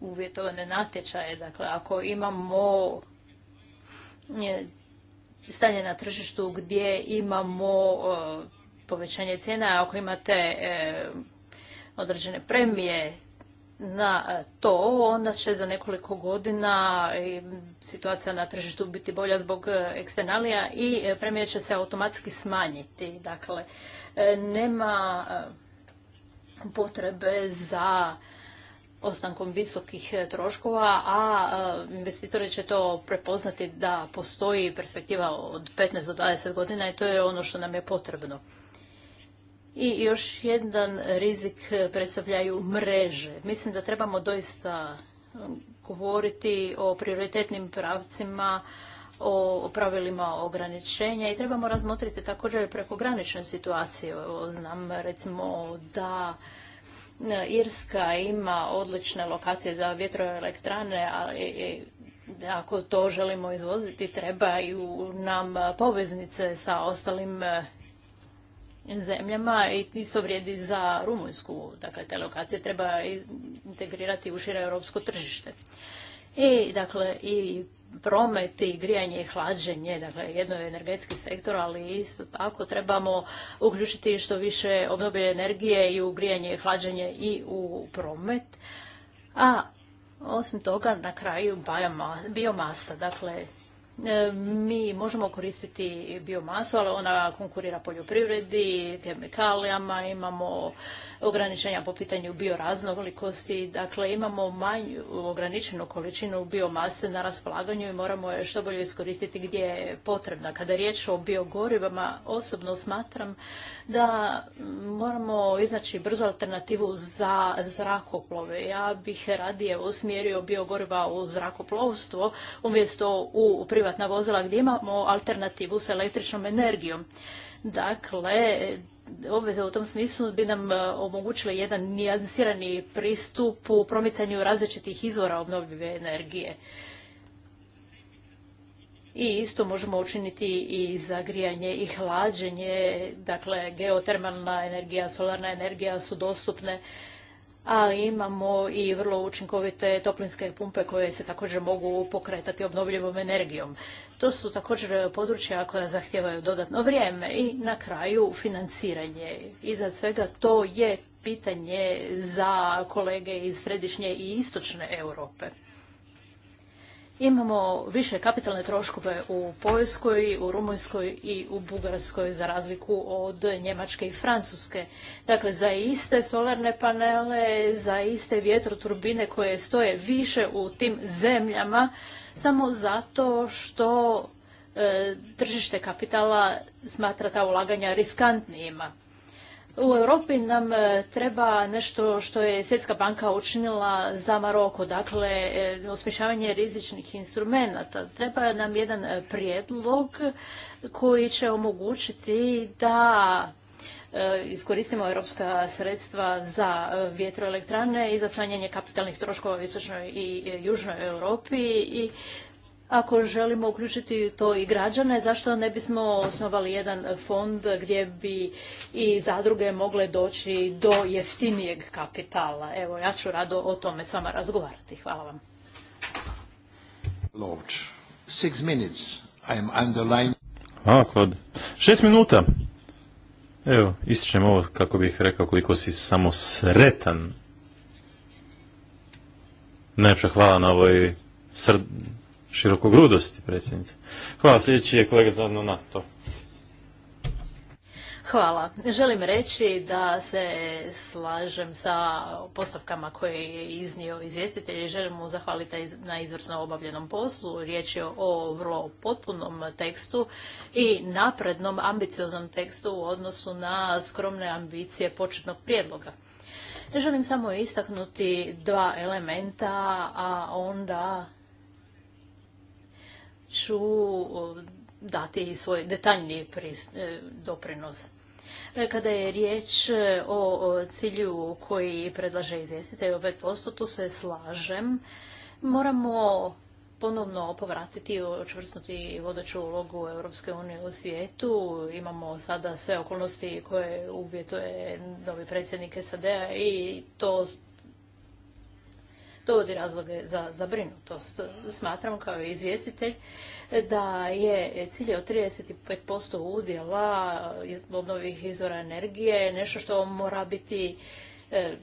uvjetovane natječaje. Dakle, ako imamo e, stanje na tržištu gdje imamo e, povećanje cijena, ako imate određene premije na e, to, onda će za nekoliko godina e, situacija na tržištu biti bolja zbog e, eksternalija i premije će se automatski smanjiti. Dakle, nema potrebe za ostankom visokih troškova, a investitori će to prepoznati da postoji perspektiva od 15 do 20 godina i to je ono što nam je potrebno. I još jedan rizik predstavljaju mreže. Mislim da trebamo doista um, govoriti o prioritetnim pravcima, o pravilima ograničenja i trebamo razmotriti također prekogranične situacije. Znam recimo da e, Irska ima odlične lokacije za vjetroelektrane, ali ako to želimo izvoziti, trebaju nam poveznice sa ostalim e, zemljama i isto vrijedi za Rumunjsku. Dakle, te lokacije treba integrirati u šire europsko tržište. I, dakle, i promet i grijanje i hlađenje, dakle jedno je energetski sektor, ali isto tako trebamo uključiti što više obnobe energije i u grijanje i hlađenje i u promet. A osim toga na kraju biomasa, dakle E, mi možemo koristiti biomasu, ali ona konkurira poljoprivredi, kemikalijama, imamo ograničenja po pitanju bioraznolikosti, dakle imamo manju ograničenu količinu biomase na raspolaganju i moramo je što bolje iskoristiti gdje je potrebna. Kada je riječ o biogorivama, osobno smatram da moramo iznaći brzu alternativu za zrakoplove. Ja bih radije usmjerio biogoriva u zrakoplovstvo umjesto u privatna vozila gdje imamo alternativu s električnom energijom. Dakle, obveze u tom smislu bi nam e, omogućile jedan nijansirani pristup u promicanju različitih izvora obnovljive energije. I isto možemo učiniti i zagrijanje i hlađenje, dakle geotermalna energija, solarna energija su dostupne ali imamo i vrlo učinkovite toplinske pumpe koje se također mogu pokretati obnovljivom energijom. To su također područja koja zahtijevaju dodatno vrijeme i na kraju financiranje. Iza svega to je pitanje za kolege iz središnje i istočne Europe. Imamo više kapitalne troškove u Poljskoj, u Rumunjskoj i u Bugarskoj za razliku od Njemačke i Francuske. Dakle, za iste solarne panele, za iste vjetroturbine koje stoje više u tim zemljama, samo zato što e, tržište kapitala smatra ta ulaganja riskantnijima. U Europi nam e, treba nešto što je Svjetska banka učinila za Maroko, dakle e, osmišljavanje rizičnih instrumenata. Treba nam jedan e, prijedlog koji će omogućiti da iskoristimo europska sredstva za vjetroelektrane i za smanjenje kapitalnih troškova u istočnoj i južnoj Europi i ako želimo uključiti to i građane, zašto ne bismo osnovali jedan fond gdje bi i zadruge mogle doći do jeftinijeg kapitala? Evo, ja ću rado o tome s vama razgovarati. Hvala vam. Šest minuta. Evo, ističem ovo kako bih rekao koliko si samo sretan. hvala na ovoj srd širokogrudosti predsjednice. Hvala, sljedeći je kolega Zadno na to. Hvala. Želim reći da se slažem sa postavkama koje je iznio izvjestitelj i želim mu zahvaliti na izvrsno obavljenom poslu. Riječ je o vrlo potpunom tekstu i naprednom, ambicioznom tekstu u odnosu na skromne ambicije početnog prijedloga. Želim samo istaknuti dva elementa, a onda ću dati svoj detaljni e, doprinos. E, kada je riječ e, o cilju koji predlaže izvjestitelj o posto tu se slažem. Moramo ponovno povratiti i očvrsnuti vodeću ulogu Europske unije u svijetu. Imamo sada sve okolnosti koje uvjetuje novi predsjednik SAD-a i to dovodi razloge za zabrinutost. Smatram kao izvjestitelj da je cilj od 35% udjela obnovih izvora energije nešto što mora biti e,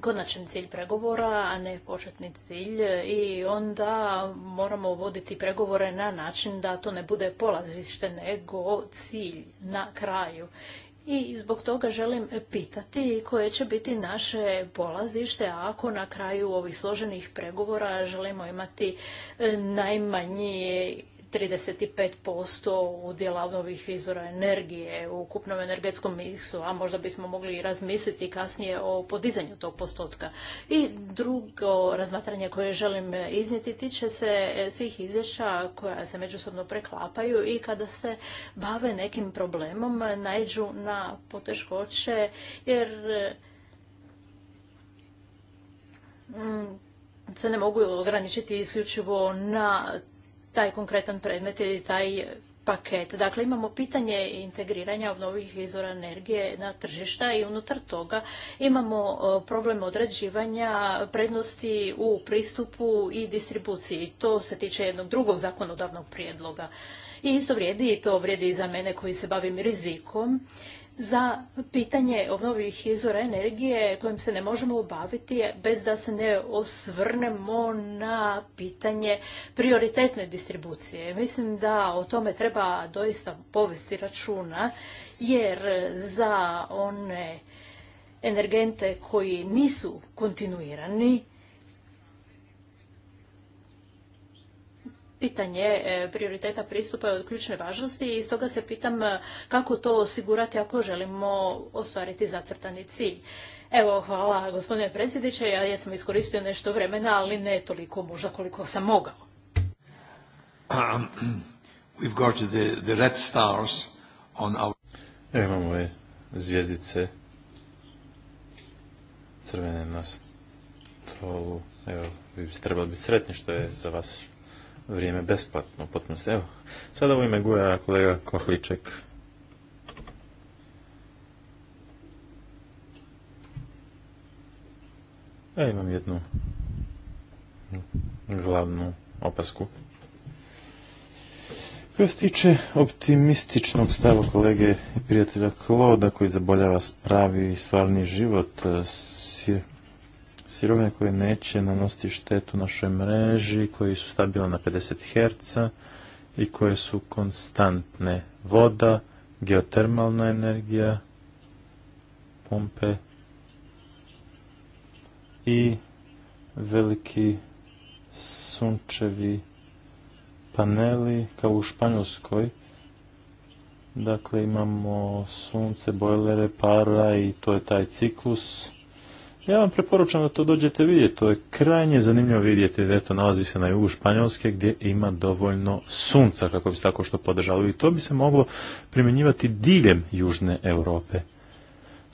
konačan cilj pregovora, a ne početni cilj i onda moramo voditi pregovore na način da to ne bude polazište nego cilj na kraju. I zbog toga želim pitati koje će biti naše polazište ako na kraju ovih složenih pregovora želimo imati e, najmanji 35% udjela obnovljivih izvora energije u ukupnom energetskom miksu, a možda bismo mogli razmisliti kasnije o podizanju tog postotka. I drugo razmatranje koje želim iznijeti tiče se e, svih izvješća koja se međusobno preklapaju i kada se bave nekim problemom naiđu na poteškoće jer e, mm, se ne mogu ograničiti isključivo na taj konkretan predmet ili taj paket. Dakle, imamo pitanje integriranja obnovljivih izvora energije na tržišta i unutar toga imamo e, problem određivanja prednosti u pristupu i distribuciji. To se tiče jednog drugog zakonodavnog prijedloga. I isto vrijedi, i to vrijedi i za mene koji se bavim rizikom za pitanje obnovljivih izvora energije kojim se ne možemo obaviti bez da se ne osvrnemo na pitanje prioritetne distribucije. Mislim da o tome treba doista povesti računa jer za one energente koji nisu kontinuirani pitanje e, prioriteta pristupa je od ključne važnosti i stoga se pitam e, kako to osigurati ako želimo ostvariti zacrtani cilj. Evo, hvala gospodine predsjedniče, ja sam iskoristio nešto vremena, ali ne toliko možda koliko sam mogao. Um, we've Imamo zvijezdice crvene na Evo, vi biste trebali biti sretni što je za vas vrijeme besplatno, potpuno Evo, sada u ime Guja kolega Kohliček. Ja e, imam jednu glavnu opasku. Koja se tiče optimističnog stava kolege i prijatelja Kloda koji zaboljava spravi stvarni život, sirovine koje neće nanositi štetu našoj mreži, koji su stabilne na 50 Hz i koje su konstantne. Voda, geotermalna energija, pompe i veliki sunčevi paneli kao u Španjolskoj. Dakle, imamo sunce, bojlere, para i to je taj ciklus ja vam preporučam da to dođete vidjeti, to je krajnje zanimljivo vidjeti da eto nalazi se na jugu Španjolske gdje ima dovoljno sunca kako bi se tako što podržalo i to bi se moglo primjenjivati diljem južne Europe.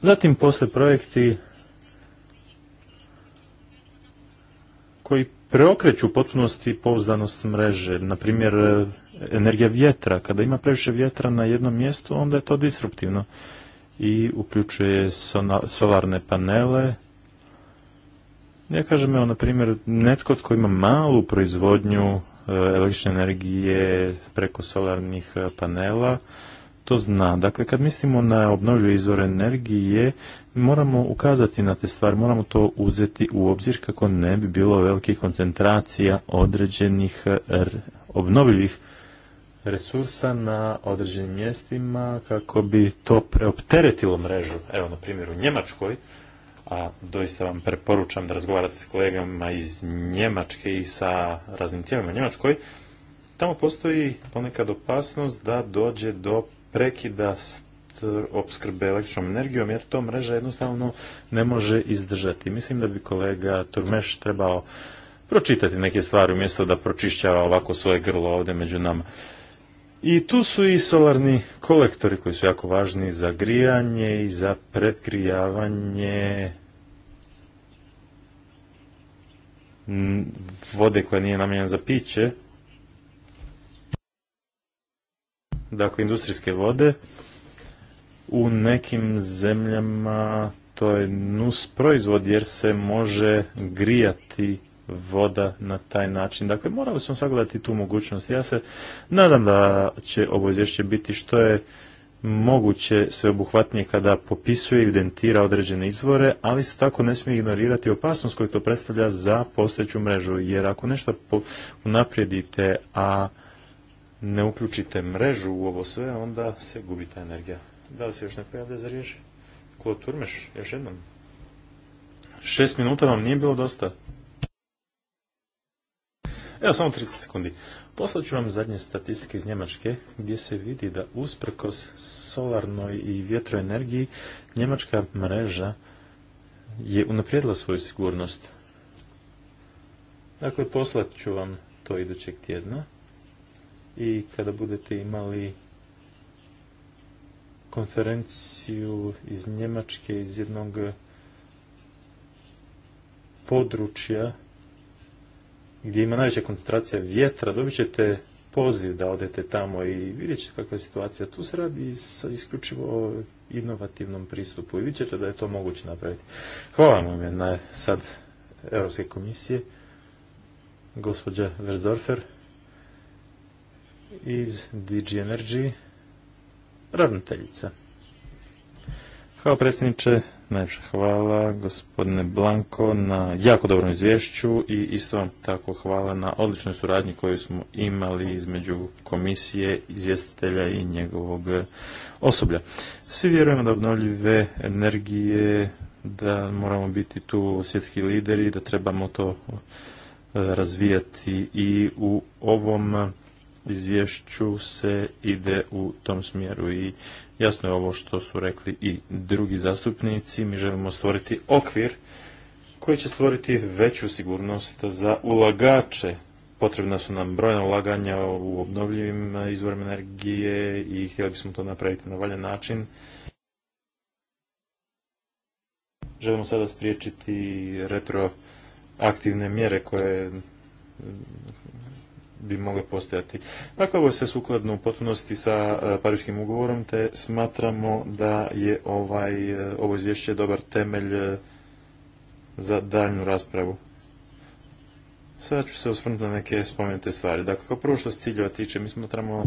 Zatim postoje projekti koji preokreću u potpunosti pouzdanost mreže, na primjer energija vjetra, kada ima previše vjetra na jednom mjestu onda je to disruptivno i uključuje solarne panele ja kažem, evo, na primjer, netko tko ima malu proizvodnju e, električne energije preko solarnih e, panela, to zna. Dakle, kad mislimo na obnovljive izvore energije, moramo ukazati na te stvari, moramo to uzeti u obzir kako ne bi bilo velike koncentracija određenih e, obnovljivih resursa na određenim mjestima kako bi to preopteretilo mrežu. Evo, na primjer, u Njemačkoj a doista vam preporučam da razgovarate s kolegama iz Njemačke i sa raznim tijelima u Njemačkoj, tamo postoji ponekad opasnost da dođe do prekida opskrbe električnom energijom, jer to mreža jednostavno ne može izdržati. Mislim da bi kolega Turmeš trebao pročitati neke stvari umjesto da pročišćava ovako svoje grlo ovdje među nama. I tu su i solarni kolektori koji su jako važni za grijanje i za predgrijavanje Mm, vode koja nije namijenjena za piće, dakle industrijske vode, u nekim zemljama to je nus proizvod jer se može grijati voda na taj način. Dakle, morali smo sagledati tu mogućnost. Ja se nadam da će ovo izvješće biti što je moguće sveobuhvatnije kada popisuje i identira određene izvore, ali se tako ne smije ignorirati opasnost koju to predstavlja za postojeću mrežu, jer ako nešto unaprijedite, a ne uključite mrežu u ovo sve, onda se gubi ta energija. Da li se još neko javlja za riječ? Klo Turmeš, još jednom. Šest minuta vam nije bilo dosta? Evo, samo 30 sekundi. Poslat ću vam zadnje statistike iz Njemačke gdje se vidi da usprkos solarnoj i vjetroenergiji njemačka mreža je unaprijedila svoju sigurnost. Dakle, poslat ću vam to idućeg tjedna i kada budete imali konferenciju iz Njemačke, iz jednog područja gdje ima najveća koncentracija vjetra, dobit ćete poziv da odete tamo i vidjet ćete kakva je situacija. Tu se radi sa isključivo inovativnom pristupu i vidjet ćete da je to moguće napraviti. Hvala vam na sad Europske komisije, gospođa Verzorfer iz DG Energy, ravnateljica. Hvala predsjedniče, Najpša hvala gospodine Blanko na jako dobrom izvješću i isto vam tako hvala na odličnoj suradnji koju smo imali između komisije, izvjestitelja i njegovog osoblja. Svi vjerujemo da obnovljive energije, da moramo biti tu svjetski lideri, da trebamo to razvijati i u ovom izvješću se ide u tom smjeru i jasno je ovo što su rekli i drugi zastupnici. Mi želimo stvoriti okvir koji će stvoriti veću sigurnost za ulagače. Potrebna su nam brojna ulaganja u obnovljivim izvorima energije i htjeli bismo to napraviti na valjan način. Želimo sada spriječiti retroaktivne mjere koje bi mogle postojati. Dakle, ovo se sukladno u potpunosti sa e, Pariškim ugovorom, te smatramo da je ovaj, e, ovo izvješće dobar temelj e, za daljnju raspravu. Sada ću se osvrnuti na neke spomenute stvari. Dakle, kao prvo što se ciljeva tiče, mi smatramo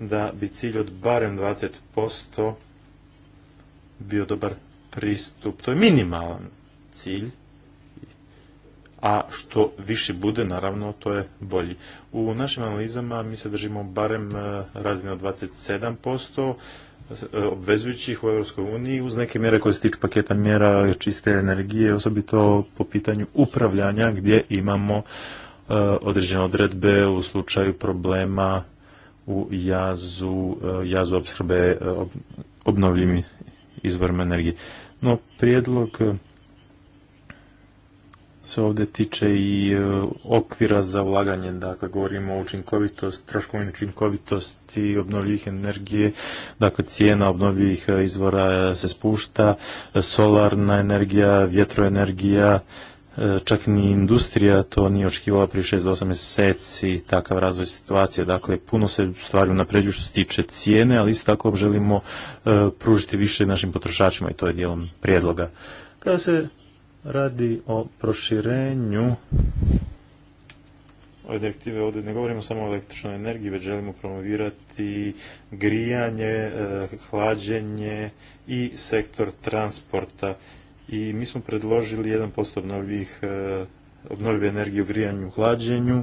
da bi cilj od barem 20% bio dobar pristup. To je minimalan cilj, a što više bude, naravno, to je bolji. U našim analizama mi se držimo barem e, razine od 27%, e, obvezujućih u Europskoj uniji uz neke mjere koje se tiču paketa mjera čiste energije, osobito po pitanju upravljanja gdje imamo e, određene odredbe u slučaju problema u jazu, jazu opskrbe obnovljivim izvorima energije. No, prijedlog se ovdje tiče i e, okvira za ulaganje, dakle govorimo o učinkovitosti, troškovnoj učinkovitosti obnovljivih energije, dakle cijena obnovljivih e, izvora se spušta, solarna energija, vjetroenergija, e, čak ni industrija to nije očekivala prije 6 do 8 mjeseci takav razvoj situacije. Dakle, puno se stvari napređuju što se tiče cijene, ali isto tako želimo pružiti više našim potrošačima i to je dijelom prijedloga. Kada se radi o proširenju ove direktive ovdje ne govorimo samo o električnoj energiji, već želimo promovirati grijanje, e, hlađenje i sektor transporta. I mi smo predložili 1% obnovljivih e, obnovljive energije u grijanju, hlađenju.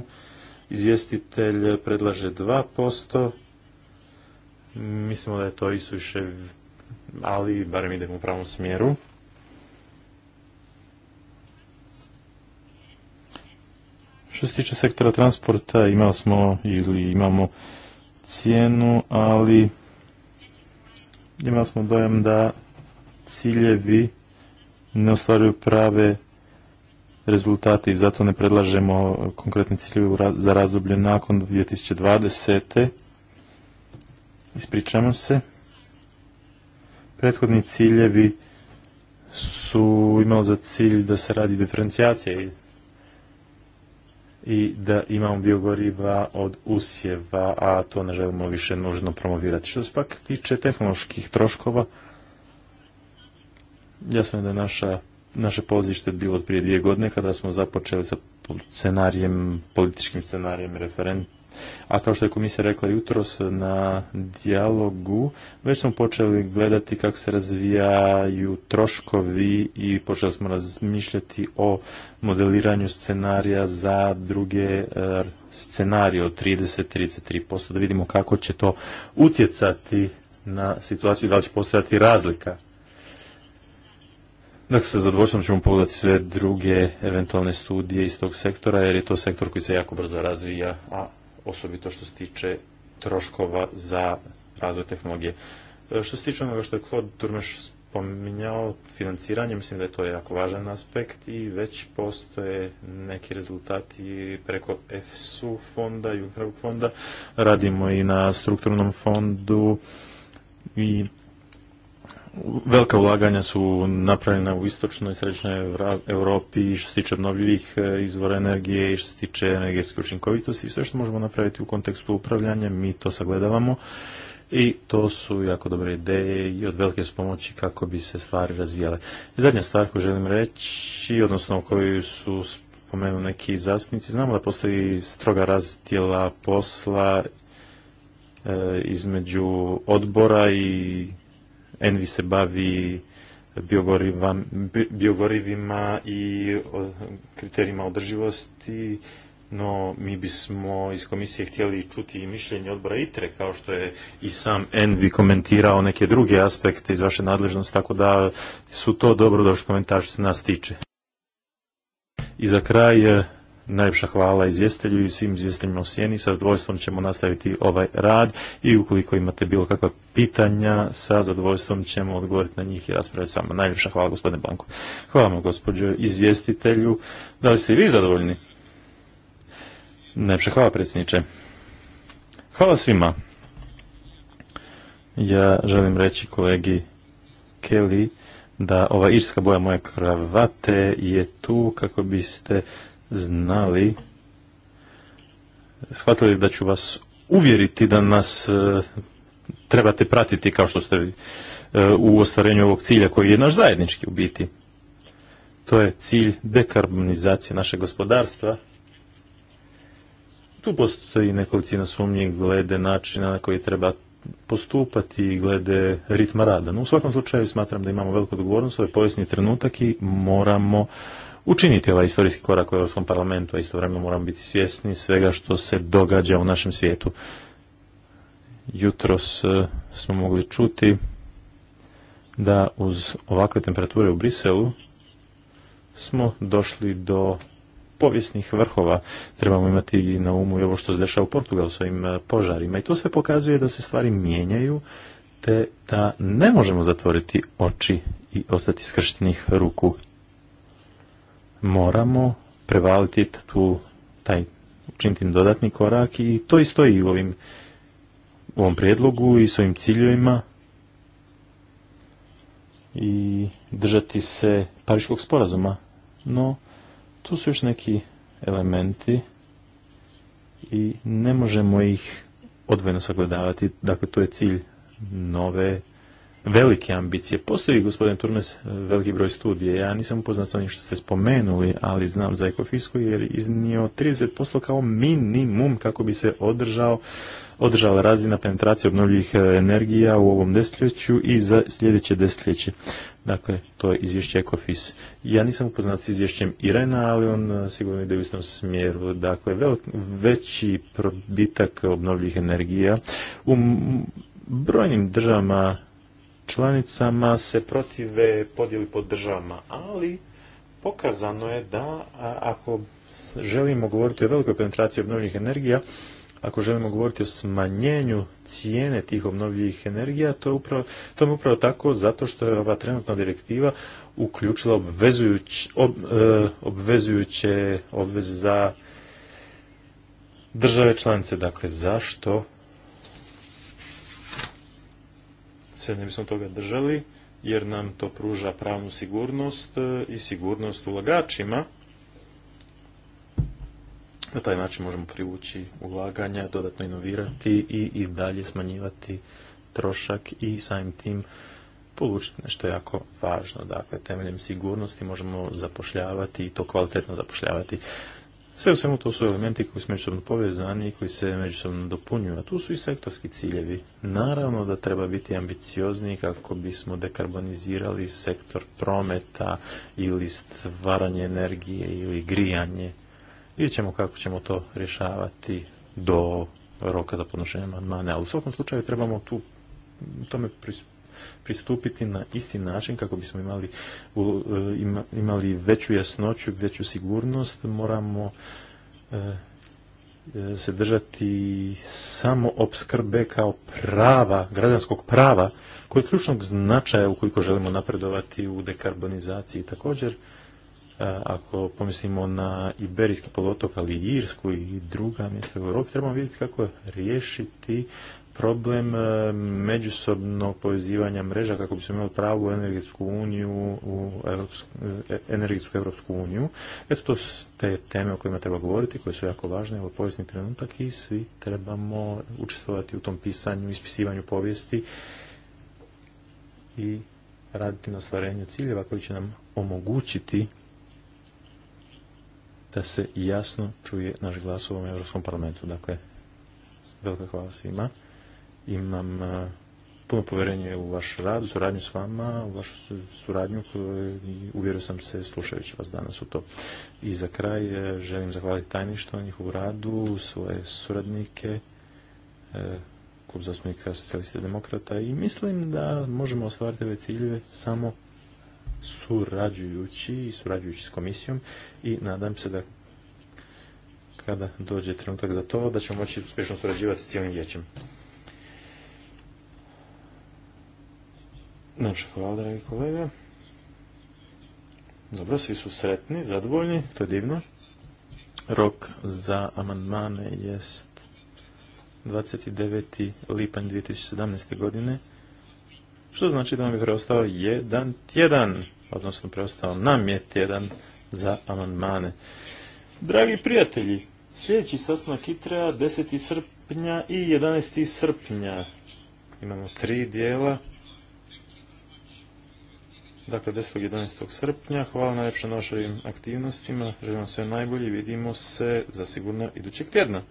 Izvjestitelj predlaže 2%. Mislimo da je to isuviše, ali barem idemo u pravom smjeru. Što se tiče sektora transporta, imali smo ili imamo cijenu, ali imali smo dojam da ciljevi ne ostvaruju prave rezultate i zato ne predlažemo konkretne ciljeve za razdoblje nakon 2020. Ispričavam se. Prethodni ciljevi su imali za cilj da se radi diferencijacija i i da imamo biogoriva od usjeva, a to ne želimo više nužno promovirati. Što se pak tiče tehnoloških troškova, jasno je da je naša, naše pozište bilo od prije dvije godine kada smo započeli sa scenarijem, političkim scenarijem referent, a kao što je komisija rekla jutros na dijalogu, već smo počeli gledati kako se razvijaju troškovi i počeli smo razmišljati o modeliranju scenarija za druge e, scenarije od 30-33%, da vidimo kako će to utjecati na situaciju, da li će postojati razlika. Dakle, sa zadovoljstvom ćemo pogledati sve druge eventualne studije iz tog sektora, jer je to sektor koji se jako brzo razvija, a osobito što se tiče troškova za razvoj tehnologije. E, što se tiče onoga što je Claude Turmeš spominjao, financiranje, mislim da je to jako važan aspekt i već postoje neki rezultati preko EFSU fonda, Jugrav fonda, radimo i na strukturnom fondu i velika ulaganja su napravljena u istočnoj i središnjoj Europi što se tiče obnovljivih e, izvora energije i što se tiče energetske učinkovitosti i sve što možemo napraviti u kontekstu upravljanja, mi to sagledavamo i to su jako dobre ideje i od velike su pomoći kako bi se stvari razvijale. zadnja stvar koju želim reći, odnosno koju su spomenuli neki zastupnici, znamo da postoji stroga razdjela posla e, između odbora i Envi se bavi biogorivima i kriterijima održivosti, no mi bismo iz komisije htjeli čuti i mišljenje odbora ITRE, kao što je i sam Envi komentirao neke druge aspekte iz vaše nadležnosti, tako da su to dobro dobrodošli komentar što se nas tiče. I za kraj Najljepša hvala izvjestelju i svim izvjestiteljima u Sjeni. Sa zadovoljstvom ćemo nastaviti ovaj rad i ukoliko imate bilo kakva pitanja, sa zadovoljstvom ćemo odgovoriti na njih i raspraviti s vama. Najljepša hvala gospodine Blanko. Hvala vam gospođo izvjestitelju. Da li ste i vi zadovoljni? Najljepša hvala predsjedniče. Hvala svima. Ja želim reći kolegi Kelly da ova irska boja moje kravate je tu kako biste znali, shvatili da ću vas uvjeriti da nas e, trebate pratiti kao što ste e, u ostvarenju ovog cilja koji je naš zajednički u biti. To je cilj dekarbonizacije našeg gospodarstva. Tu postoji nekolicina sumnji glede načina na koji treba postupati i glede ritma rada. No, u svakom slučaju smatram da imamo veliku odgovornost, ovo je povijesni trenutak i moramo učiniti ovaj istorijski korak u Europskom parlamentu, a istovremeno moramo biti svjesni svega što se događa u našem svijetu. Jutros e, smo mogli čuti da uz ovakve temperature u Briselu smo došli do povijesnih vrhova. Trebamo imati na umu i ovo što se dešava u Portugalu s ovim e, požarima. I to sve pokazuje da se stvari mijenjaju, te da ne možemo zatvoriti oči i ostati skrštenih ruku moramo prevaliti tu taj učiniti dodatni korak i to i stoji u ovim u ovom prijedlogu i s ovim ciljevima i držati se Pariškog sporazuma. No, tu su još neki elementi i ne možemo ih odvojno sagledavati. Dakle, to je cilj nove velike ambicije. Postoji, gospodin Turmes, veliki broj studije. Ja nisam upoznat s onim što ste spomenuli, ali znam za ekofisku jer iznio 30% kao minimum kako bi se održao održala razina penetracije obnovljivih e, energija u ovom desetljeću i za sljedeće desetljeće. Dakle, to je izvješće Ecofis. Ja nisam upoznat s izvješćem Irena, ali on e, sigurno ide u istom smjeru. Dakle, veći probitak obnovljivih energija u brojnim državama članicama se protive podjeli pod državama, ali pokazano je da ako želimo govoriti o velikoj penetraciji obnovljivih energija, ako želimo govoriti o smanjenju cijene tih obnovljivih energija, to je upravo, to je upravo tako zato što je ova trenutna direktiva uključila obvezujuć, e, obvezujuće obveze za države članice. Dakle, zašto se ne bismo toga držali, jer nam to pruža pravnu sigurnost e, i sigurnost ulagačima. Na taj način možemo privući ulaganja, dodatno inovirati i, i dalje smanjivati trošak i samim tim polučiti nešto jako važno. Dakle, temeljem sigurnosti možemo zapošljavati i to kvalitetno zapošljavati. Sve u svemu to su elementi koji su međusobno povezani i koji se međusobno dopunjuju, a tu su i sektorski ciljevi. Naravno da treba biti ambiciozni kako bismo dekarbonizirali sektor prometa ili stvaranje energije ili grijanje. Vidjet ćemo kako ćemo to rješavati do roka za podnošenje amandmana, ali u svakom slučaju trebamo tu tome pristupiti na isti način kako bismo imali, e, imali veću jasnoću, veću sigurnost, moramo e, e, se držati samo opskrbe kao prava, građanskog prava, koje je ključnog značaja ukoliko želimo napredovati u dekarbonizaciji. Također, ako pomislimo na Iberijski polotok, ali i Irsku i druga mjesta u Europi, trebamo vidjeti kako riješiti problem e, međusobnog povezivanja mreža kako bismo imali pravu energetsku uniju u Evropsku, e, energetsku Evropsku uniju. Eto to su te teme o kojima treba govoriti, koje su jako važne, ovo je povijesni trenutak i svi trebamo učestvovati u tom pisanju, ispisivanju povijesti i raditi na stvarenju ciljeva koji će nam omogućiti da se jasno čuje naš glas u ovom Europskom parlamentu. Dakle, velika hvala svima imam e, puno povjerenje u vaš rad, suradnju s vama, u vašu suradnju i uvjerio sam se slušajući vas danas u to. I za kraj e, želim zahvaliti tajništvo na njihovu radu, svoje suradnike, e, klub zastupnika socijalista demokrata i mislim da možemo ostvariti ove ciljeve samo surađujući i surađujući s komisijom i nadam se da kada dođe trenutak za to, da ćemo moći uspješno surađivati s cijelim vijećem. Znači, hvala, dragi kolega. Dobro, svi su sretni, zadovoljni, to je divno. Rok za amandmane jest 29. lipanj 2017. godine, što znači da nam je preostao jedan tjedan, odnosno preostao nam je tjedan za amandmane. Dragi prijatelji, sljedeći sastanak ITREA 10. srpnja i 11. srpnja. Imamo tri dijela dakle 10. 11. srpnja. Hvala najljepše na vašim aktivnostima. Želim vam sve najbolje. i Vidimo se za sigurno idućeg tjedna.